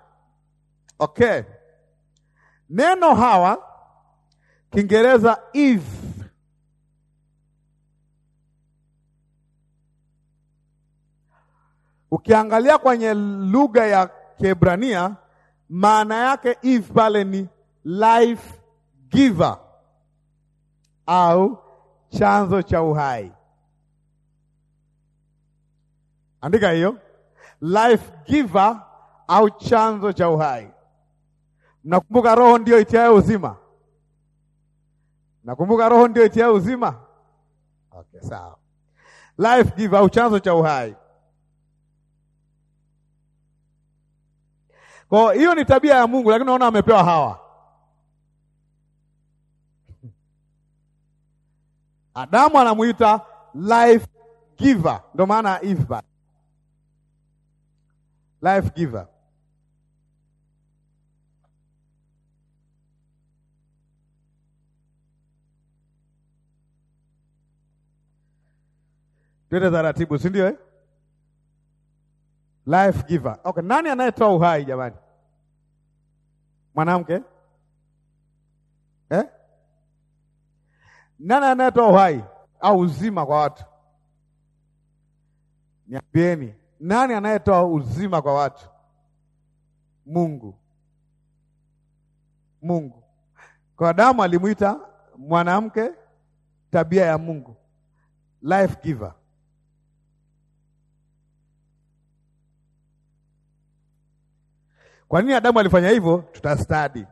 Okay. Neno hawa Kiingereza Eve ukiangalia kwenye lugha ya Kiebrania maana yake Eve pale ni life giver au chanzo cha uhai. Andika hiyo life giver au chanzo cha uhai. Mnakumbuka roho ndio itiaye uzima? Nakumbuka roho ndio itiaye uzima. Okay, sawa. Life giver au chanzo cha uhai. Kwa hiyo ni tabia ya Mungu, lakini naona amepewa Hawa. Adamu anamuita life giver, ndio maana Eve life giver. Twende taratibu, si ndio eh? Life giver. Okay, nani anayetoa uhai jamani? Mwanamke eh? Nani anayetoa uhai au uzima kwa watu? Niambieni, nani anayetoa uzima kwa watu? Mungu. Mungu. Kwa Adamu alimwita mwanamke tabia ya Mungu. Life giver. Kwa nini Adamu alifanya hivyo? Tutastadi.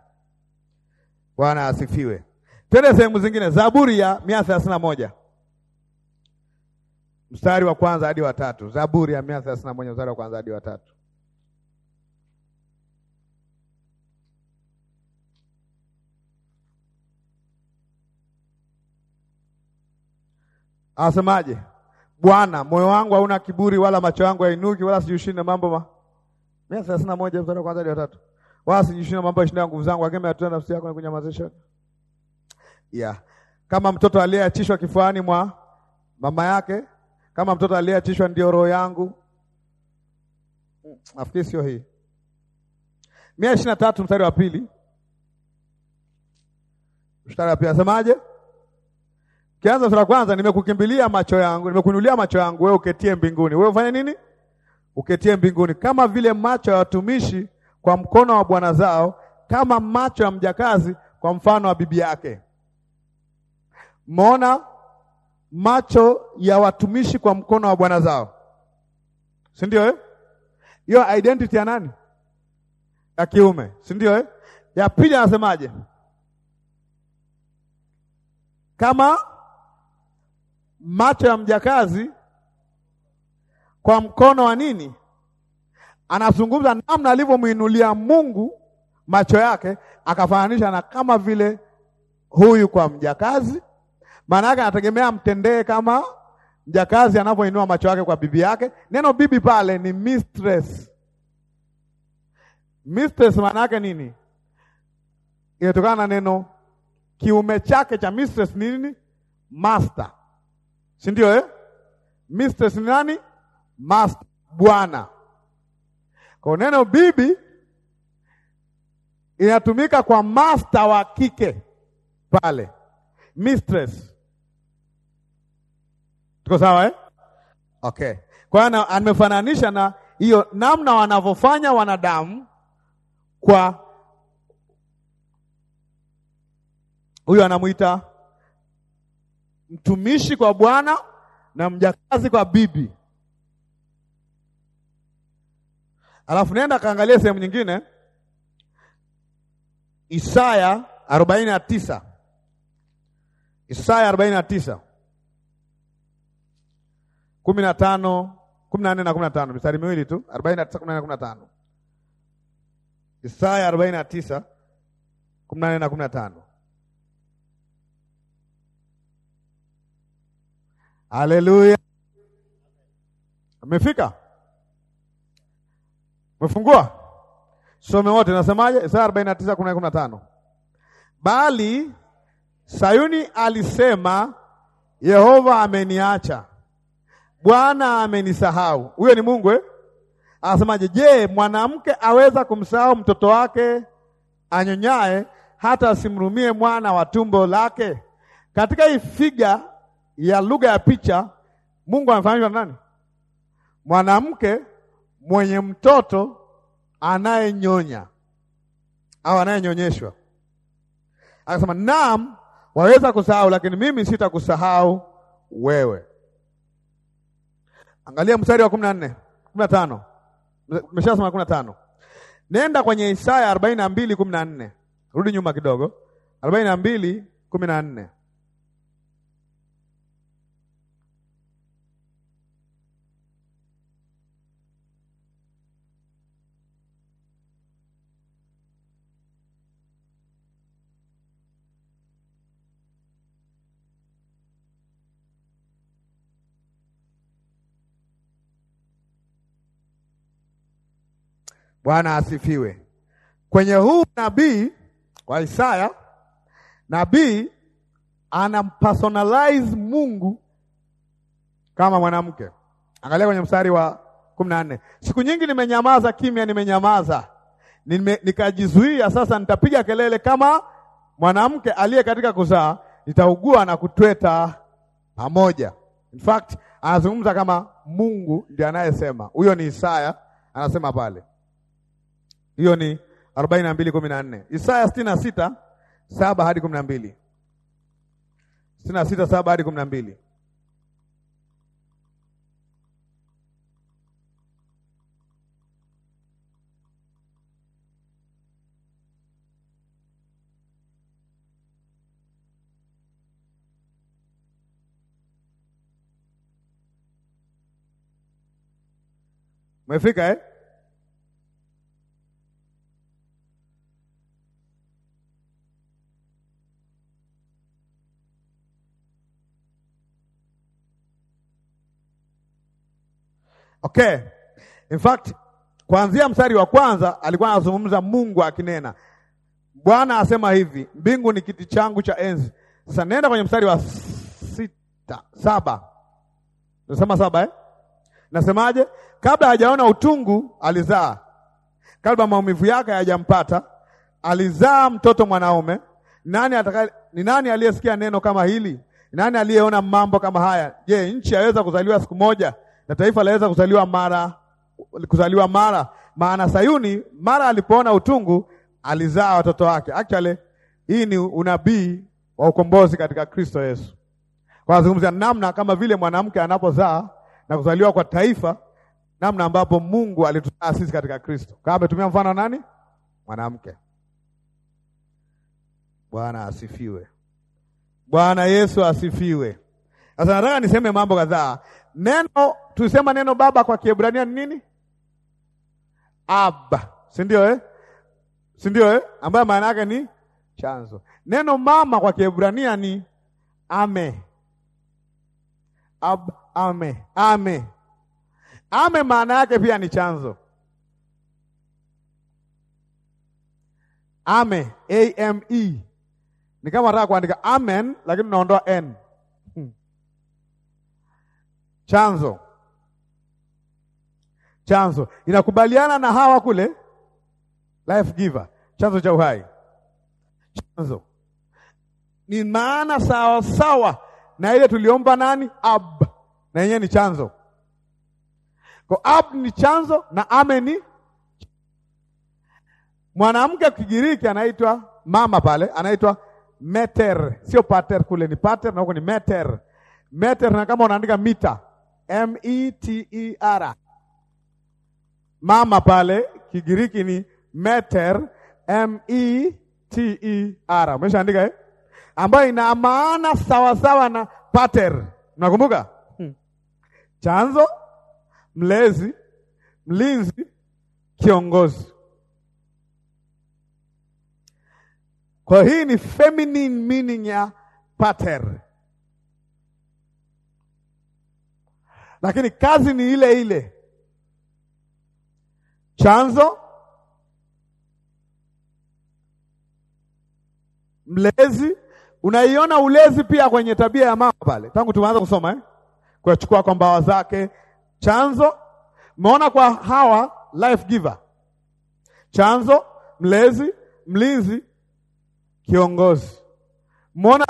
Bwana asifiwe. Twende sehemu zingine. Zaburi ya mia thelathini na moja mstari wa kwanza hadi wa tatu. Zaburi ya mia thelathini na moja mstari wa kwanza hadi wa tatu. Asemaje? Bwana, moyo wangu hauna kiburi, wala macho yangu hainuki, wala sijushinde mambo ma Mia thelathini na moja mstari wa kwanza hadi wa tatu. Wala mambo yashindayo nguvu zangu, nafsi yako na kunyamazisha. Yeah. Kama mtoto aliyeachishwa kifuani mwa mama yake, kama mtoto aliyeachishwa ndio roho yangu. Nafikiri sio hii. Mia ishirini na tatu mstari wa pili. Mstari wa pili asemaje? Kianza sura kwanza, nimekukimbilia macho yangu, nimekunulia macho yangu, wewe uketie mbinguni. Wewe ufanye nini? uketie mbinguni, kama vile macho ya watumishi kwa mkono wa bwana zao, kama macho ya mjakazi kwa mfano wa bibi yake. Mona macho ya watumishi kwa mkono wa bwana zao, si ndio eh? Hiyo identity ya nani? Ya kiume, si ndio eh? Ya pili anasemaje? Kama macho ya mjakazi kwa mkono wa nini? Anazungumza namna alivyomwinulia Mungu macho yake, akafananisha na kama vile huyu kwa mjakazi. Maana yake anategemea mtendee kama mjakazi anavyoinua macho yake kwa bibi yake. Neno bibi pale ni mistress. Mistress maana yake nini? Inatokana na neno kiume chake cha mistress ni nini? Master, si ndio eh? Mistress ni nani? Master, bwana. Kwa neno bibi inatumika kwa master wa kike pale, mistress. Tuko sawa eh? Okay. Kwa hiyo amefananisha na hiyo namna wanavyofanya wanadamu kwa huyo, anamwita mtumishi kwa bwana na mjakazi kwa bibi. Alafu nenda kaangalia sehemu nyingine Isaya arobaini na tisa Isaya arobaini na tisa kumi na tano kumi na nne na kumi na tano mistari miwili tu, arobaini na tisa kumi na tano Isaya arobaini na tisa kumi na nne na kumi na tano Haleluya, amefika Umefungua? Some wote nasemaje? Isaya 49:15. Bali Sayuni alisema Yehova ameniacha. Bwana amenisahau. Huyo ni Mungu eh? Anasemaje? Je, mwanamke aweza kumsahau mtoto wake anyonyaye hata asimrumie mwana wa tumbo lake? Katika hii figa ya lugha ya picha Mungu amefananishwa nani? Mwanamke mwenye mtoto anayenyonya au anayenyonyeshwa. Akasema, naam, waweza kusahau, lakini mimi sitakusahau wewe. Angalia mstari wa kumi na nne kumi na tano Umeshasema kumi na tano Nenda kwenye Isaya arobaini na mbili kumi na nne Rudi nyuma kidogo, arobaini na mbili kumi na nne Bwana asifiwe. Kwenye huu nabii wa Isaya, nabii anampersonalize Mungu kama mwanamke. Angalia kwenye mstari wa kumi na nne, siku nyingi nimenyamaza kimya, nimenyamaza nime, nikajizuia. Sasa nitapiga kelele kama mwanamke aliye katika kuzaa, nitaugua na kutweta pamoja. In fact, anazungumza kama Mungu ndiye anayesema. Huyo ni Isaya anasema pale hiyo ni 42:14. na mbili kumi na nne. Isaya 66:7 sita saba hadi kumi na mbili saba hadi kumi na mbili eh? Okay. In fact, kuanzia mstari wa kwanza alikuwa anazungumza Mungu akinena. Bwana asema hivi, mbingu ni kiti changu cha enzi. Sasa nenda kwenye mstari wa sita, saba. Nasema saba eh? Nasemaje? Kabla hajaona utungu alizaa. Kabla maumivu yake hayajampata, alizaa mtoto mwanaume. Nani ataka, ni nani aliyesikia neno kama hili? Nani aliyeona mambo kama haya? Je, nchi yaweza kuzaliwa siku moja na taifa laweza kuzaliwa mara kuzaliwa mara, maana Sayuni mara alipoona utungu alizaa watoto wake. Actually hii ni unabii wa ukombozi katika Kristo Yesu, kwa kuzungumzia namna kama vile mwanamke anapozaa na kuzaliwa kwa taifa, namna ambapo Mungu alituzaa sisi katika Kristo. Kama ametumia mfano nani? Mwanamke. Bwana asifiwe. Bwana Yesu asifiwe. Sasa nataka niseme mambo kadhaa neno tusema neno baba kwa Kiebrania ni nini? Abba, si ndio eh? si ndio eh? ambayo maana yake ni chanzo. Neno mama kwa Kiebrania ni ame. Ab, ame ame ame, maana yake pia ni chanzo. Ame, ame ni kama nataka kuandika amen, lakini naondoa n chanzo chanzo, inakubaliana na Hawa kule, life giver, chanzo cha uhai. Chanzo ni maana sawa sawa na ile tuliomba nani, ab, na yenyewe ni chanzo. Kwa ab ni chanzo na ame ni mwanamke. Kigiriki anaitwa mama, pale anaitwa meter, sio pater. Kule ni pater na huko ni meter. Meter na kama unaandika mita M E T E R. Mama pale Kigiriki ni meter, M E T E R. Umeshaandika eh? Ambayo ina maana sawasawa na pater. nakumbuka Hmm. Chanzo, mlezi, mlinzi, kiongozi. Kwa hii ni feminine meaning ya pater. lakini kazi ni ile ile. Chanzo, mlezi. Unaiona ulezi pia kwenye tabia ya mama pale, tangu tumeanza kusoma eh? Kuachukua kwa mbawa zake, chanzo. Umeona kwa Hawa, life giver, chanzo, mlezi, mlinzi, kiongozi. Umeona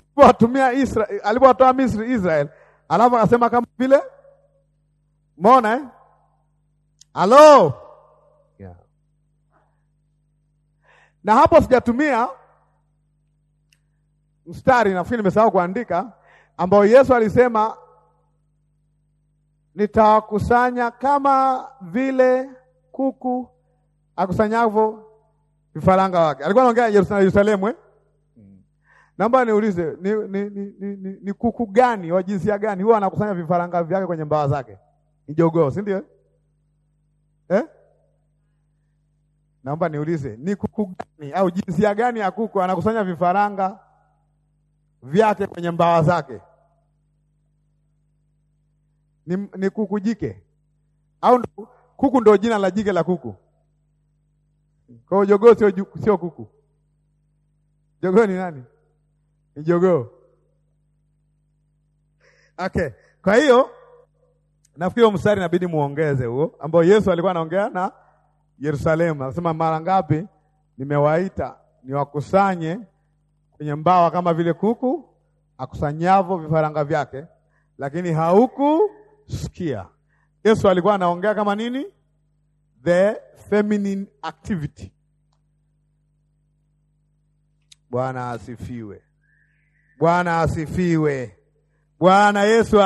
alipowatoa Misri Israel, alafu akasema kama vile Umeona eh? Halo. Yeah. Na hapo sijatumia mstari, nafikiri nimesahau kuandika, ambao Yesu alisema nitawakusanya kama vile kuku akusanyavyo vifaranga wake. Alikuwa anaongea Yerusalemu eh? Mm. Naomba niulize ni, ni, ni, ni, ni kuku gani wa jinsia gani huwa anakusanya vifaranga vyake kwenye mbawa zake? jogoo, si ndio? Eh? Naomba niulize, ni kuku gani au jinsia gani ya kuku anakusanya vifaranga vyake kwenye mbawa zake? Ni, ni kuku jike au kuku ndo jina la jike la kuku? Kwa hiyo jogoo sio sio kuku. Jogoo ni nani? Ni jogoo. Okay. Kwa hiyo Nafikiri mstari inabidi muongeze huo ambao Yesu alikuwa anaongea na Yerusalemu, anasema mara ngapi nimewaita niwakusanye kwenye mbawa kama vile kuku akusanyavo vifaranga vyake, lakini haukusikia. Yesu alikuwa anaongea kama nini? The feminine activity. Bwana asifiwe. Bwana asifiwe. Bwana Yesu